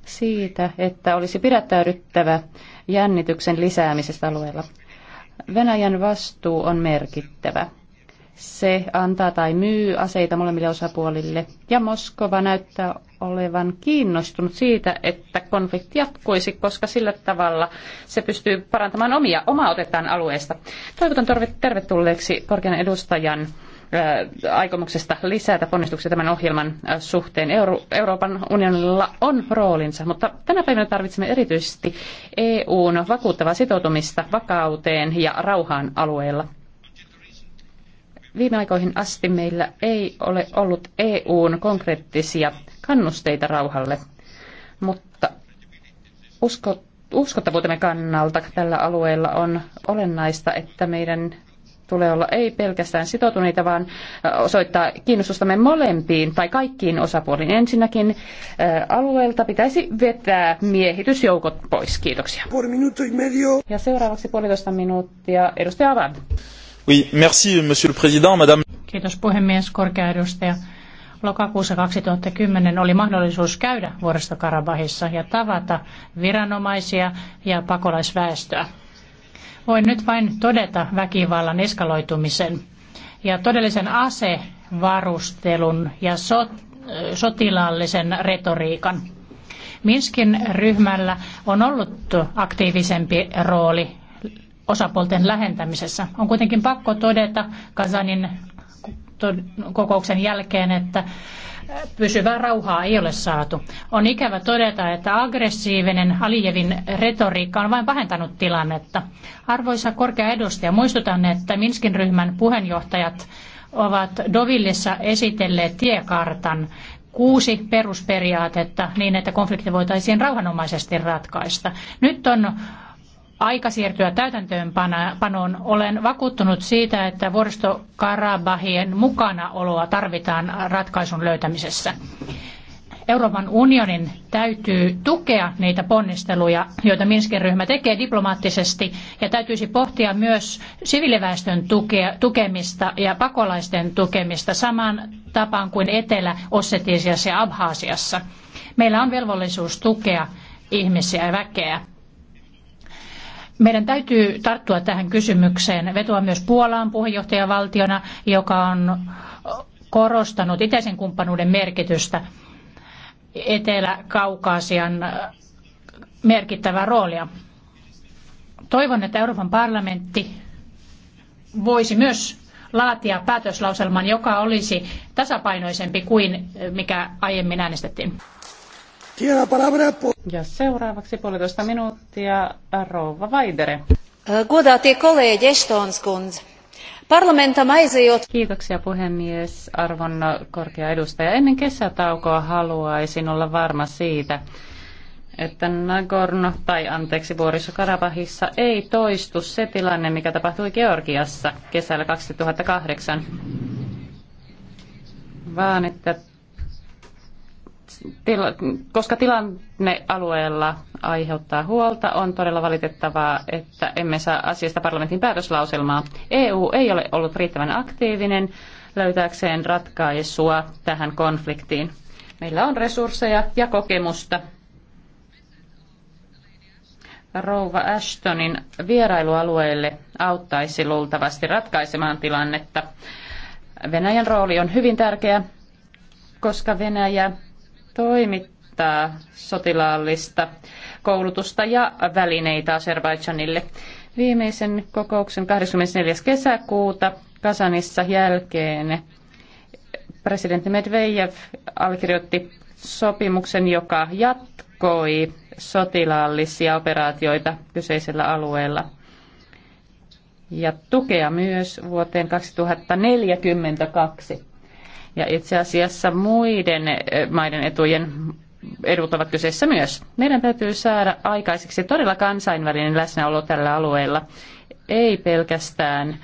siitä, että olisi pidättäydyttävä jännityksen lisäämisestä alueella. Venäjän vastuu on merkittävä se antaa tai myy aseita molemmille osapuolille. Ja Moskova näyttää olevan kiinnostunut siitä, että konflikti jatkuisi, koska sillä tavalla se pystyy parantamaan omia, omaa otetaan alueesta. Toivotan tervetulleeksi korkean edustajan äh, aikomuksesta lisätä ponnistuksia tämän ohjelman äh, suhteen. Euro- Euroopan unionilla on roolinsa, mutta tänä päivänä tarvitsemme erityisesti EUn vakuuttavaa sitoutumista vakauteen ja rauhaan alueella. Viime aikoihin asti meillä ei ole ollut EUn konkreettisia kannusteita rauhalle, mutta usko, uskottavuutemme kannalta tällä alueella on olennaista, että meidän tulee olla ei pelkästään sitoutuneita, vaan osoittaa kiinnostustamme molempiin tai kaikkiin osapuoliin. Ensinnäkin alueelta pitäisi vetää miehitysjoukot pois. Kiitoksia. Ja seuraavaksi puolitoista minuuttia edustaja Avad. Oui, merci, monsieur le président, madame. Kiitos puhemies, korkea edustaja. Lokakuussa 2010 oli mahdollisuus käydä vuoristokarabahissa ja tavata viranomaisia ja pakolaisväestöä. Voin nyt vain todeta väkivallan eskaloitumisen ja todellisen asevarustelun ja sot, sotilaallisen retoriikan. Minskin ryhmällä on ollut aktiivisempi rooli osapuolten lähentämisessä. On kuitenkin pakko todeta Kazanin kokouksen jälkeen, että pysyvää rauhaa ei ole saatu. On ikävä todeta, että aggressiivinen Alijevin retoriikka on vain pahentanut tilannetta. Arvoisa korkea edustaja, muistutan, että Minskin ryhmän puheenjohtajat ovat Dovillissa esitelleet tiekartan kuusi perusperiaatetta niin, että konflikti voitaisiin rauhanomaisesti ratkaista. Nyt on aika siirtyä täytäntöönpanoon. Olen vakuuttunut siitä, että vuoristokarabahien mukanaoloa tarvitaan ratkaisun löytämisessä. Euroopan unionin täytyy tukea niitä ponnisteluja, joita Minskin ryhmä tekee diplomaattisesti, ja täytyisi pohtia myös siviiliväestön tukemista ja pakolaisten tukemista samaan tapaan kuin Etelä-Ossetiisiassa ja Abhaasiassa. Meillä on velvollisuus tukea ihmisiä ja väkeä. Meidän täytyy tarttua tähän kysymykseen, vetoa myös Puolaan puheenjohtajavaltiona, joka on korostanut itäisen kumppanuuden merkitystä Etelä-Kaukaasian äh, merkittävää roolia. Toivon, että Euroopan parlamentti voisi myös laatia päätöslauselman, joka olisi tasapainoisempi kuin äh, mikä aiemmin äänestettiin. Ja seuraavaksi puolitoista minuuttia rouva Vaidere. Kiitoksia puhemies, arvon korkea edustaja. Ennen kesätaukoa haluaisin olla varma siitä, että Nagorno, tai anteeksi Vuorissa Karabahissa, ei toistu se tilanne, mikä tapahtui Georgiassa kesällä 2008, vaan että tila, koska tilanne alueella aiheuttaa huolta, on todella valitettavaa, että emme saa asiasta parlamentin päätöslauselmaa. EU ei ole ollut riittävän aktiivinen löytääkseen ratkaisua tähän konfliktiin. Meillä on resursseja ja kokemusta. Rouva Ashtonin vierailualueelle auttaisi luultavasti ratkaisemaan tilannetta. Venäjän rooli on hyvin tärkeä, koska Venäjä toimittaa sotilaallista koulutusta ja välineitä Azerbaidžanille. Viimeisen kokouksen 24. kesäkuuta Kasanissa jälkeen presidentti Medvedev allekirjoitti sopimuksen, joka jatkoi sotilaallisia operaatioita kyseisellä alueella ja tukea myös vuoteen 2042 ja itse asiassa muiden eh, maiden etujen edut ovat kyseessä myös. Meidän täytyy saada aikaiseksi todella kansainvälinen läsnäolo tällä alueella, ei pelkästään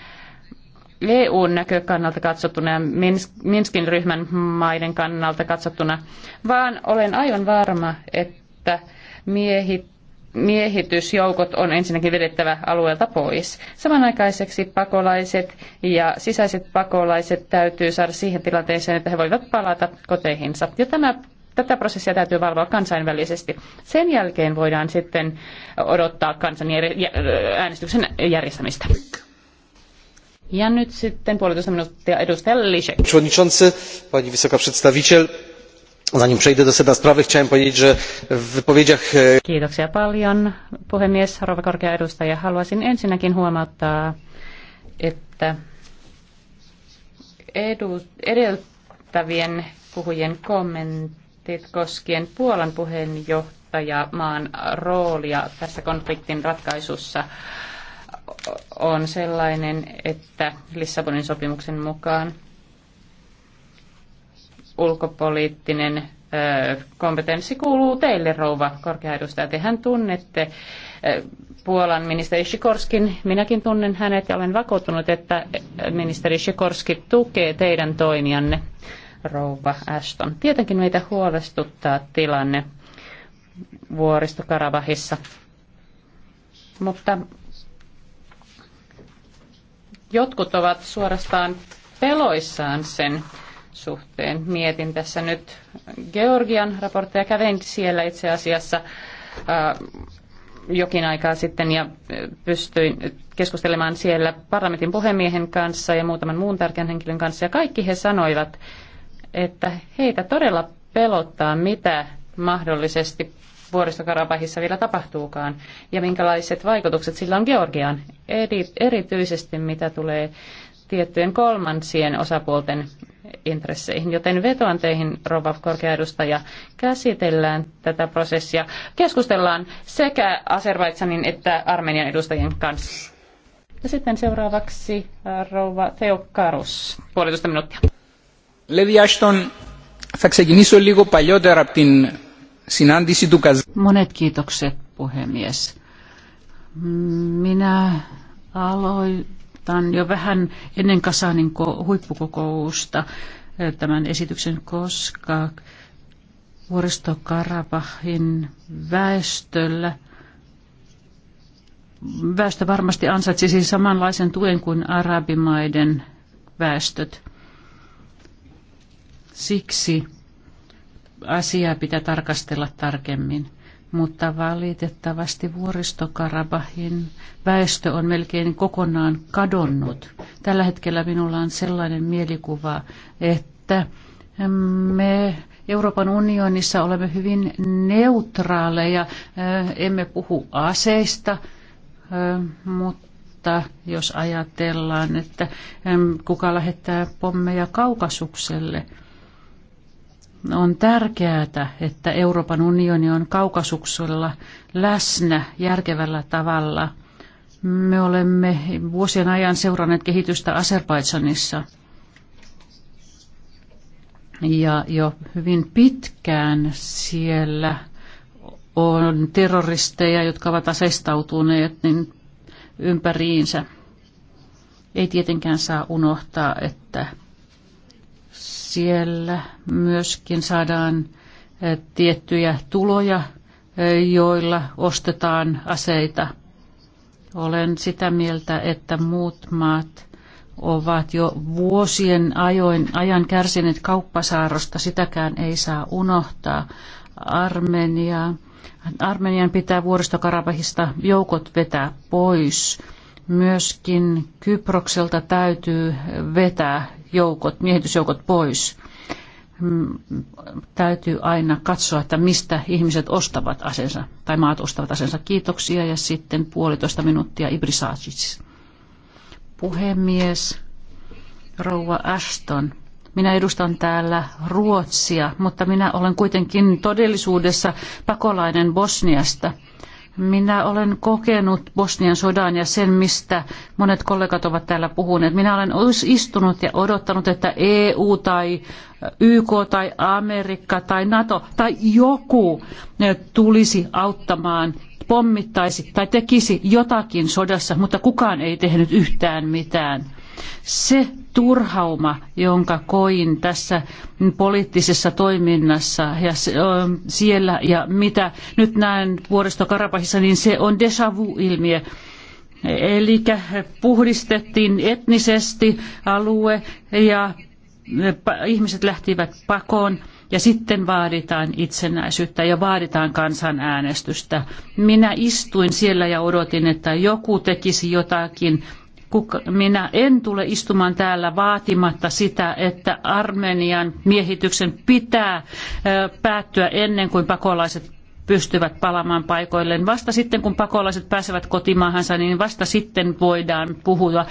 EUn näkökannalta katsottuna ja Minskin ryhmän maiden kannalta katsottuna, vaan olen aivan varma, että miehit miehitysjoukot on ensinnäkin vedettävä alueelta pois. Samanaikaiseksi pakolaiset ja sisäiset pakolaiset täytyy saada siihen tilanteeseen, että he voivat palata koteihinsa. Ja tämä tätä prosessia täytyy valvoa kansainvälisesti. Sen jälkeen voidaan sitten odottaa kansan äänestyksen järjestämistä. Ja nyt sitten puolitoista minuuttia edustaja Lisek. Przewodniczący, pani wysoka przedstawiciel, Zanim przejdę do seda sprawy, chciałem powiedzieć, że w wypowiedziach... E, Kiitoksia paljon, puhemies, rouva korkea edustaja. Haluaisin ensinnäkin huomauttaa, että edu, edeltävien puhujien kommentit koskien Puolan puheenjohtajamaan roolia tässä konfliktin ratkaisussa on sellainen, että Lissabonin sopimuksen mukaan ulkopoliittinen kompetenssi kuuluu teille, rouva korkeaedustaja. Tehän tunnette Puolan ministeri Sikorskin. Minäkin tunnen hänet ja olen vakuuttunut, että ministeri Sikorski tukee teidän toimijanne, rouva Ashton. Tietenkin meitä huolestuttaa tilanne vuoristokarabahissa. Mutta jotkut ovat suorastaan peloissaan sen suhteen. Mietin tässä nyt Georgian raportteja. Kävin siellä itse asiassa äh, jokin aikaa sitten ja äh, pystyin keskustelemaan siellä parlamentin puhemiehen kanssa ja muutaman muun tärkeän henkilön kanssa. Ja kaikki he sanoivat, että heitä todella pelottaa, mitä mahdollisesti vuoristokarabahissa vielä tapahtuukaan ja minkälaiset vaikutukset sillä on Georgiaan, erityisesti mitä tulee tiettyjen kolmansien osapuolten intresseihin. Joten vetoan teihin, rouva korkeaedustaja, käsitellään tätä prosessia. Keskustellaan sekä Azerbaidsanin että Armenian edustajien kanssa. Ja sitten seuraavaksi äh, rouva Karus, puolitoista minuuttia. Lady Ashton, Monet kiitokset, puhemies. Minä aloin oikeastaan jo vähän ennen Kasanin huippukokousta tämän esityksen, koska Vuoristokarabahin väestöllä väestö varmasti ansaitsisi samanlaisen tuen kuin arabimaiden väestöt. Siksi asiaa pitää tarkastella tarkemmin mutta valitettavasti vuoristokarabahin väestö on melkein kokonaan kadonnut. Tällä hetkellä minulla on sellainen mielikuva, että me Euroopan unionissa olemme hyvin neutraaleja, eh, emme puhu aseista, eh, mutta jos ajatellaan, että kuka lähettää pommeja kaukasukselle – on tärkeää, että Euroopan unioni on kaukasuksella läsnä järkevällä tavalla. Me olemme vuosien ajan seuranneet kehitystä Azerbaidsanissa. Ja jo hyvin pitkään siellä on terroristeja, jotka ovat aseistautuneet niin ympäriinsä. Ei tietenkään saa unohtaa, että siellä myöskin saadaan tiettyjä tuloja, joilla ostetaan aseita. Olen sitä mieltä, että muut maat ovat jo vuosien ajoin, ajan kärsineet kauppasaarosta. Sitäkään ei saa unohtaa. Armenia, Armenian pitää vuoristokarabahista joukot vetää pois Myöskin Kyprokselta täytyy vetää joukot, miehitysjoukot pois. Mm, täytyy aina katsoa, että mistä ihmiset ostavat asensa tai maat ostavat asensa. Kiitoksia ja sitten puolitoista minuuttia Ibrisacic. Puhemies, rouva Ashton. Minä edustan täällä Ruotsia, mutta minä olen kuitenkin todellisuudessa pakolainen Bosniasta. Minä olen kokenut Bosnian sodan ja sen, mistä monet kollegat ovat täällä puhuneet. Minä olen istunut ja odottanut, että EU tai YK tai Amerikka tai NATO tai joku e, tulisi auttamaan, pommittaisi tai tekisi jotakin sodassa, mutta kukaan ei tehnyt yhtään mitään se turhauma, jonka koin tässä poliittisessa toiminnassa ja siellä ja mitä nyt näen vuodesta Karapahissa, niin se on déjà vu-ilmiö. Eli puhdistettiin etnisesti alue ja ihmiset lähtivät pakoon ja sitten vaaditaan itsenäisyyttä ja vaaditaan kansanäänestystä. Minä istuin siellä ja odotin, että joku tekisi jotakin kuka, minä en tule istumaan täällä vaatimatta sitä, että Armenian miehityksen pitää päättyä ennen kuin pakolaiset pystyvät palaamaan paikoilleen. Vasta sitten, kun pakolaiset pääsevät kotimaahansa, niin vasta sitten voidaan puhua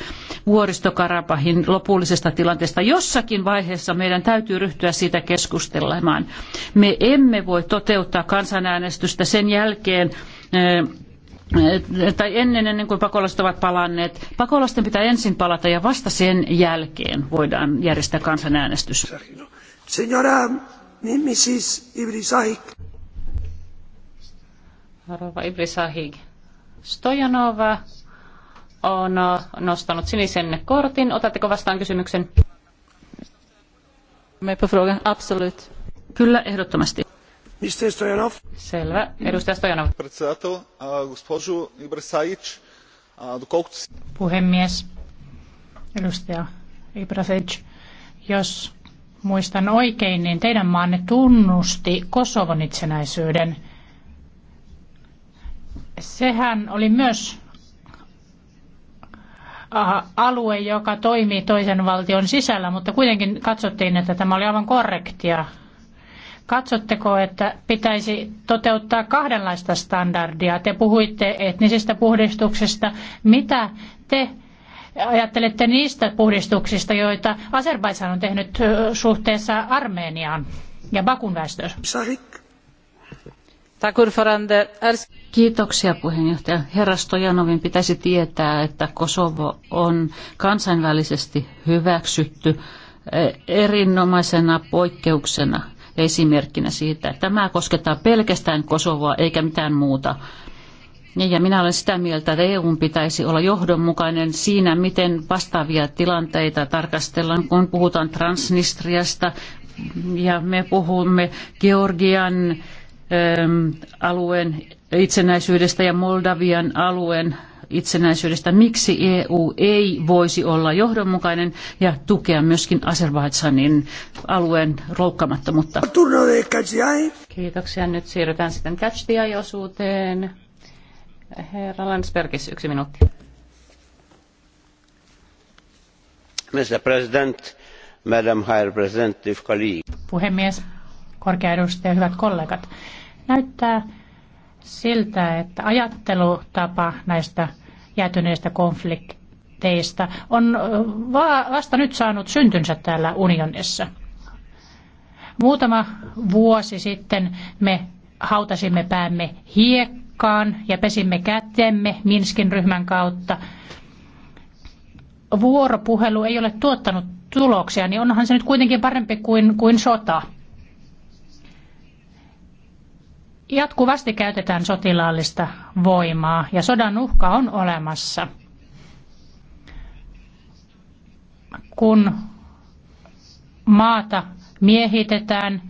vuoristokarapahin lopullisesta tilanteesta. Jossakin vaiheessa meidän täytyy ryhtyä siitä keskustelemaan. Me emme voi toteuttaa kansanäänestystä sen jälkeen, Eh, tai ennen, ennen kuin pakolaiset ovat palanneet. Pakolaisten pitää ensin palata ja vasta sen jälkeen voidaan järjestää kansanäänestys. Señora Mrs. Ibrisahik. Rova Ibrisahik. Stojanova on nostanut sinisen kortin. Otatteko vastaan kysymyksen? Me på frågan. Absolut. Kyllä, ehdottomasti. Mr. Stojanov. Selvä. Edustaja Stojanov. Puhemies, edustaja Ibrasic, jos muistan oikein, niin teidän maanne tunnusti Kosovon itsenäisyyden. Sehän oli myös alue, joka toimii toisen valtion sisällä, mutta kuitenkin katsottiin, että tämä oli aivan korrektia Katsotteko, että pitäisi toteuttaa kahdenlaista standardia? Te puhuitte etnisistä puhdistuksista. Mitä te ajattelette niistä puhdistuksista, joita Azerbaidsan on tehnyt suhteessa Armeniaan ja Bakun väestöön? Kiitoksia puheenjohtaja. Herra Stojanovin pitäisi tietää, että Kosovo on kansainvälisesti hyväksytty e, erinomaisena poikkeuksena esimerkkinä siitä. että Tämä koskettaa pelkästään Kosovoa eikä mitään muuta. Ja minä olen sitä mieltä, että EU pitäisi olla johdonmukainen siinä, miten vastaavia tilanteita tarkastellaan, kun puhutaan Transnistriasta ja me puhumme Georgian äm, alueen itsenäisyydestä ja Moldavian alueen itsenäisyydestä, miksi EU ei voisi olla johdonmukainen ja tukea myöskin Azerbaidsanin alueen loukkaamattomuutta. Kiitoksia. Nyt siirrytään sitten catch the osuuteen. Herra Landsbergis, yksi minuutti. Mr. President, Madam High Representative, colleague. Puhemies, korkea edustaja, hyvät kollegat. Näyttää siltä, että ajattelutapa näistä jäätyneistä konflikteista on vasta nyt saanut syntynsä täällä unionissa. Muutama vuosi sitten me hautasimme päämme hiekkaan ja pesimme kätemme Minskin ryhmän kautta. Vuoropuhelu ei ole tuottanut tuloksia, niin onhan se nyt kuitenkin parempi kuin, kuin sota. Jatkuvasti käytetään sotilaallista voimaa ja sodan uhka on olemassa. Kun maata miehitetään,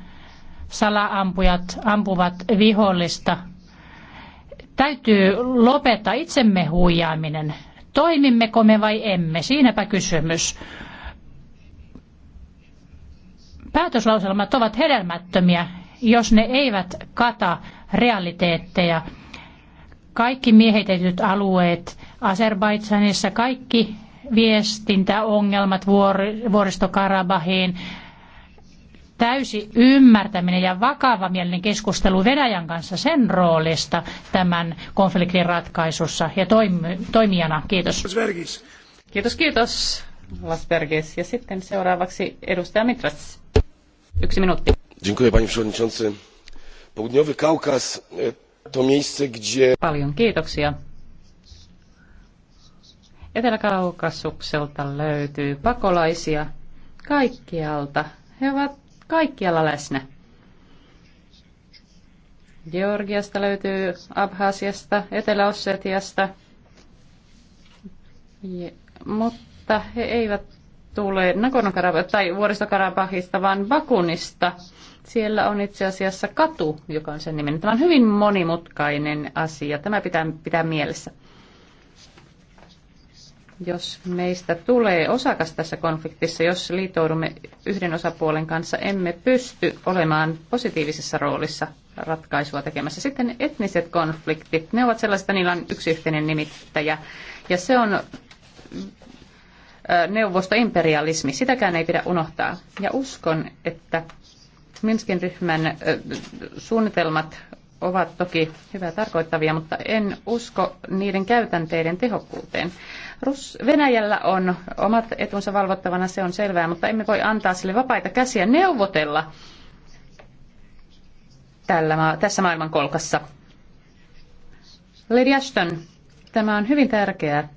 salaampujat ampuvat vihollista. Täytyy lopettaa itsemme huijaaminen. Toimimmeko me vai emme? Siinäpä kysymys. Päätöslauselmat ovat hedelmättömiä, jos ne eivät kata realiteetteja. Kaikki miehitetyt alueet Azerbaidsanissa, kaikki viestintäongelmat vuoristokarabahiin, täysi ymmärtäminen ja vakava mielinen keskustelu Venäjän kanssa sen roolista tämän konfliktin ratkaisussa ja toimijana. Kiitos. Kiitos, kiitos Lasbergis. Ja sitten seuraavaksi edustaja Mitras. Yksi minuutti południowy kaukaz e, to miejsce gdzie. paljon kiitoksia. etelä kaukasukselta löytyy pakolaisia kaikkialta. he ovat kaikkialla läsnä. Georgiasta löytyy, Abhasiasta, Etelä-Ossetiasta, mutta he eivät tule nagorno tai vuoristo vaan Bakunista. Siellä on itse asiassa katu, joka on sen nimen. Tämä on hyvin monimutkainen asia. Tämä pitää pitää mielessä. Jos meistä tulee osakas tässä konfliktissa, jos liitoudumme yhden osapuolen kanssa, emme pysty olemaan positiivisessa roolissa ratkaisua tekemässä. Sitten etniset konfliktit, ne ovat sellaista, niillä on yksi yhteinen nimittäjä. Ja se on neuvostoimperialismi. Sitäkään ei pidä unohtaa. Ja uskon, että Minskin ryhmän suunnitelmat ovat toki hyvää tarkoittavia, mutta en usko niiden käytänteiden tehokkuuteen. Rus- Venäjällä on omat etunsa valvottavana, se on selvää, mutta emme voi antaa sille vapaita käsiä neuvotella tällä, tässä maailmankolkassa. Lady Ashton, tämä on hyvin tärkeä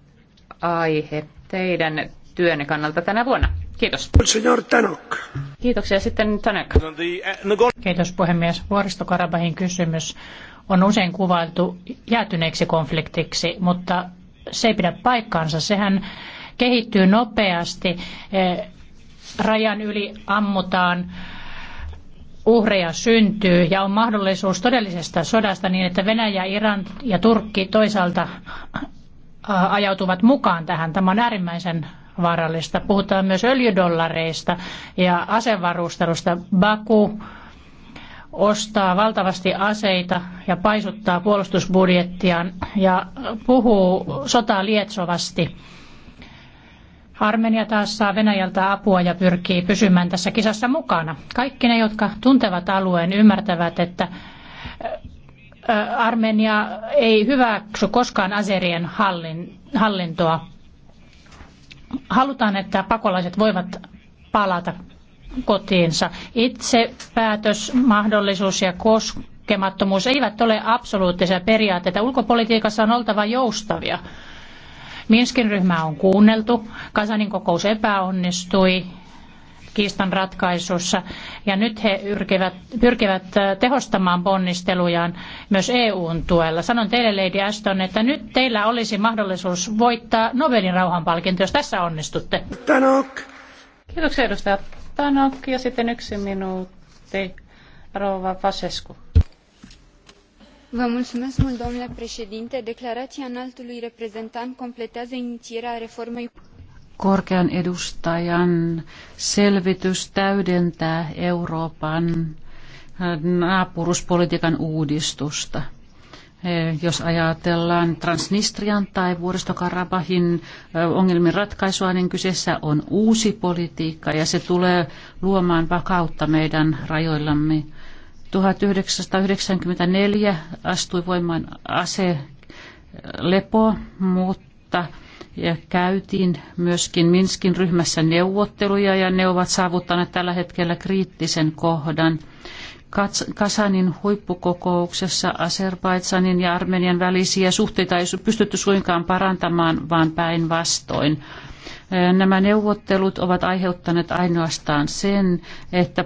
aihe teidän työnne kannalta tänä vuonna. Kiitos. Kiitoksia sitten Tanek. Kiitos puhemies. Vuoristokarabahin kysymys on usein kuvailtu jäätyneeksi konfliktiksi, mutta se ei pidä paikkaansa. Sehän kehittyy nopeasti. Eh, rajan yli ammutaan, uhreja syntyy ja on mahdollisuus todellisesta sodasta niin, että Venäjä, Iran ja Turkki toisaalta ajautuvat mukaan tähän. Tämä on äärimmäisen vaarallista. Puhutaan myös öljydollareista ja asevarustelusta. Baku ostaa valtavasti aseita ja paisuttaa puolustusbudjettiaan ja puhuu sotaa lietsovasti. Armenia taas saa Venäjältä apua ja pyrkii pysymään tässä kisassa mukana. Kaikki ne, jotka tuntevat alueen, ymmärtävät, että äh, Armenia ei hyväksy koskaan Azerien hallintoa halutaan, että pakolaiset voivat palata kotiinsa. Itse mahdollisuus ja koskemattomuus eivät ole absoluuttisia periaatteita. Ulkopolitiikassa on oltava joustavia. Minskin ryhmää on kuunneltu, Kasanin kokous epäonnistui kiistan ratkaisussa. Ja nyt he pyrkivät, pyrkivät äh, tehostamaan ponnistelujaan myös EUn tuella. Sanon teille, Lady Ashton, että nyt teillä olisi mahdollisuus voittaa Nobelin rauhanpalkinto, jos tässä onnistutte. Tanok. Kiitoksia edustaja Tanok. Ja sitten yksi minuutti. Rouva Pasescu declaraia înaltului reprezentant completează reformei korkean edustajan selvitys täydentää Euroopan äh, naapuruspolitiikan uudistusta. Jos ajatellaan Transnistrian tai vuoristokarabahin äh, ongelmien ratkaisua, niin kyseessä on uusi politiikka ja se tulee luomaan vakautta meidän rajoillamme. 1994 astui voimaan äh, lepo, mutta ja käytiin myöskin Minskin ryhmässä neuvotteluja ja ne ovat saavuttaneet tällä hetkellä kriittisen kohdan. Kasanin huippukokouksessa Azerbaidsanin ja Armenian välisiä suhteita ei pystytty suinkaan parantamaan, vaan päinvastoin. Nämä neuvottelut ovat aiheuttaneet ainoastaan sen, että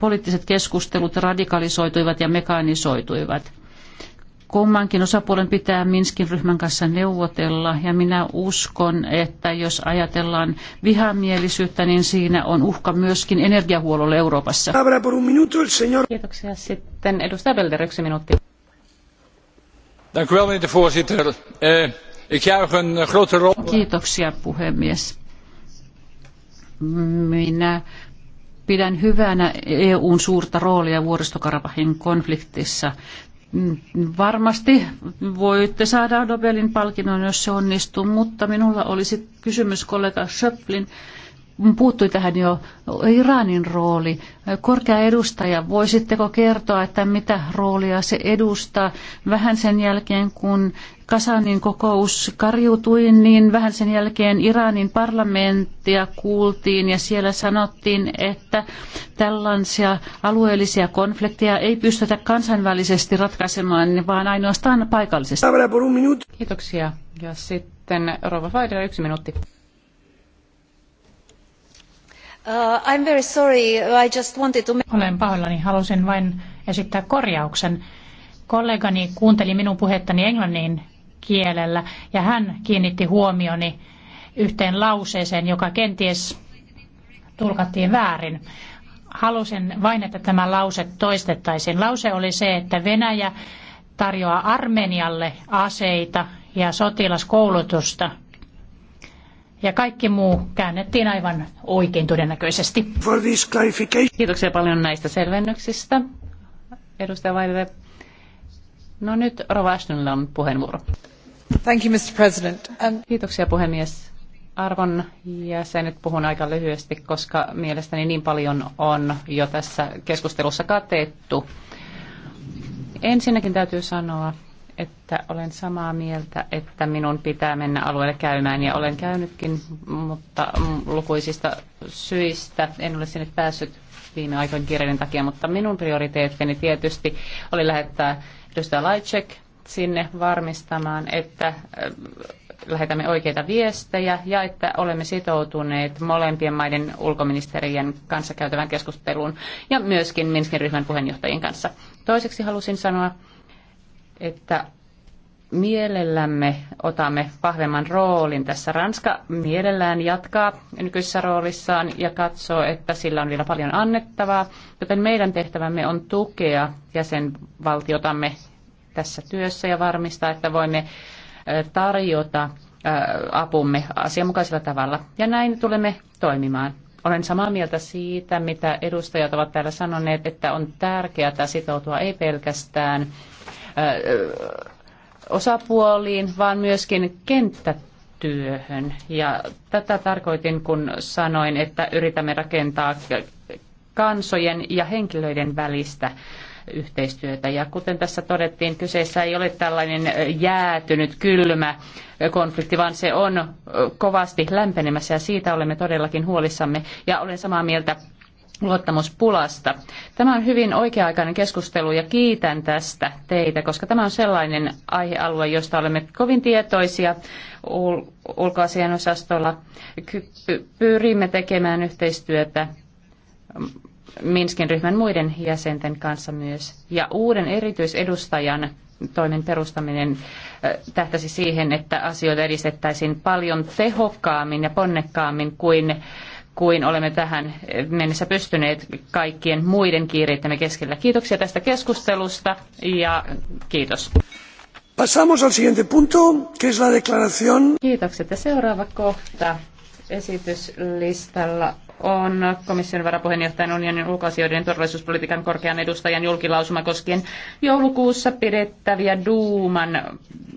poliittiset keskustelut radikalisoituivat ja mekanisoituivat. Kummankin osapuolen pitää Minskin ryhmän kanssa neuvotella ja minä uskon, että jos ajatellaan vihamielisyyttä, niin siinä on uhka myöskin energiahuollolle Euroopassa. Kiitoksia. Sitten edustaja Belder, yksi minuutti. Eh, eh, Kiitoksia puhemies. Minä pidän hyvänä EUn suurta roolia vuoristokarabahin konfliktissa. Varmasti voitte saada Nobelin palkinnon, jos se onnistuu, mutta minulla olisi kysymys kollega Schöpflin puuttui tähän jo Iranin rooli. Korkea edustaja, voisitteko kertoa, että mitä roolia se edustaa? Vähän sen jälkeen, kun Kasanin kokous karjutui, niin vähän sen jälkeen Iranin parlamenttia kuultiin ja siellä sanottiin, että tällaisia alueellisia konflikteja ei pystytä kansainvälisesti ratkaisemaan, vaan ainoastaan paikallisesti. Kiitoksia. Ja sitten Rova Faider, yksi minuutti. Uh, I'm very sorry. I just wanted to... Olen pahoillani. Halusin vain esittää korjauksen. Kollegani kuunteli minun puhettani englannin kielellä ja hän kiinnitti huomioni yhteen lauseeseen, joka kenties tulkattiin väärin. Halusin vain, että tämä lause toistettaisiin. Lause oli se, että Venäjä tarjoaa Armenialle aseita ja sotilaskoulutusta – ja kaikki muu käännettiin aivan oikein todennäköisesti. Kiitoksia paljon näistä selvennyksistä. Edustaja Vainille. No nyt Ashtonilla on puheenvuoro. Thank you, Mr. President. And... Um, Kiitoksia puhemies. Arvon jäsenet puhun aika lyhyesti, koska mielestäni niin paljon on jo tässä keskustelussa katettu. Ensinnäkin täytyy sanoa, että olen samaa mieltä, että minun pitää mennä alueelle käymään ja olen käynytkin, mutta lukuisista syistä en ole sinne päässyt viime aikojen kirjojen takia, mutta minun prioriteettini tietysti oli lähettää edustaja Lajcek sinne varmistamaan, että äh, lähetämme oikeita viestejä ja että olemme sitoutuneet molempien maiden ulkoministerien kanssa käytävän keskusteluun ja myöskin Minskin ryhmän puheenjohtajien kanssa. Toiseksi halusin sanoa, että mielellämme otamme vahvemman roolin tässä. Ranska mielellään jatkaa nykyisessä roolissaan ja katsoo, että sillä on vielä paljon annettavaa, joten meidän tehtävämme on tukea jäsenvaltiotamme tässä työssä ja varmistaa, että voimme tarjota apumme asianmukaisella tavalla. Ja näin tulemme toimimaan. Olen samaa mieltä siitä, mitä edustajat ovat täällä sanoneet, että on tärkeää sitoutua ei pelkästään osapuoliin, vaan myöskin kenttätyöhön. Ja tätä tarkoitin, kun sanoin, että yritämme rakentaa kansojen ja henkilöiden välistä yhteistyötä. Ja kuten tässä todettiin, kyseessä ei ole tällainen jäätynyt, kylmä konflikti, vaan se on kovasti lämpenemässä ja siitä olemme todellakin huolissamme. Ja olen samaa mieltä luottamuspulasta. Tämä on hyvin oikea-aikainen keskustelu ja kiitän tästä teitä, koska tämä on sellainen aihealue, josta olemme kovin tietoisia ul- osastolla. pyrimme tekemään yhteistyötä Minskin ryhmän muiden jäsenten kanssa myös. Ja uuden erityisedustajan toimen perustaminen tähtäsi siihen, että asioita edistettäisiin paljon tehokkaammin ja ponnekkaammin kuin kuin olemme tähän mennessä pystyneet kaikkien muiden kiireittämme keskellä. Kiitoksia tästä keskustelusta ja kiitos. Pasamos al siguiente punto, que es la declaración. Kiitokset. Ja seuraava kohta esityslistalla on komission varapuheenjohtajan unionin ulkoasioiden turvallisuuspolitiikan korkean edustajan julkilausuma koskien joulukuussa pidettäviä Duuman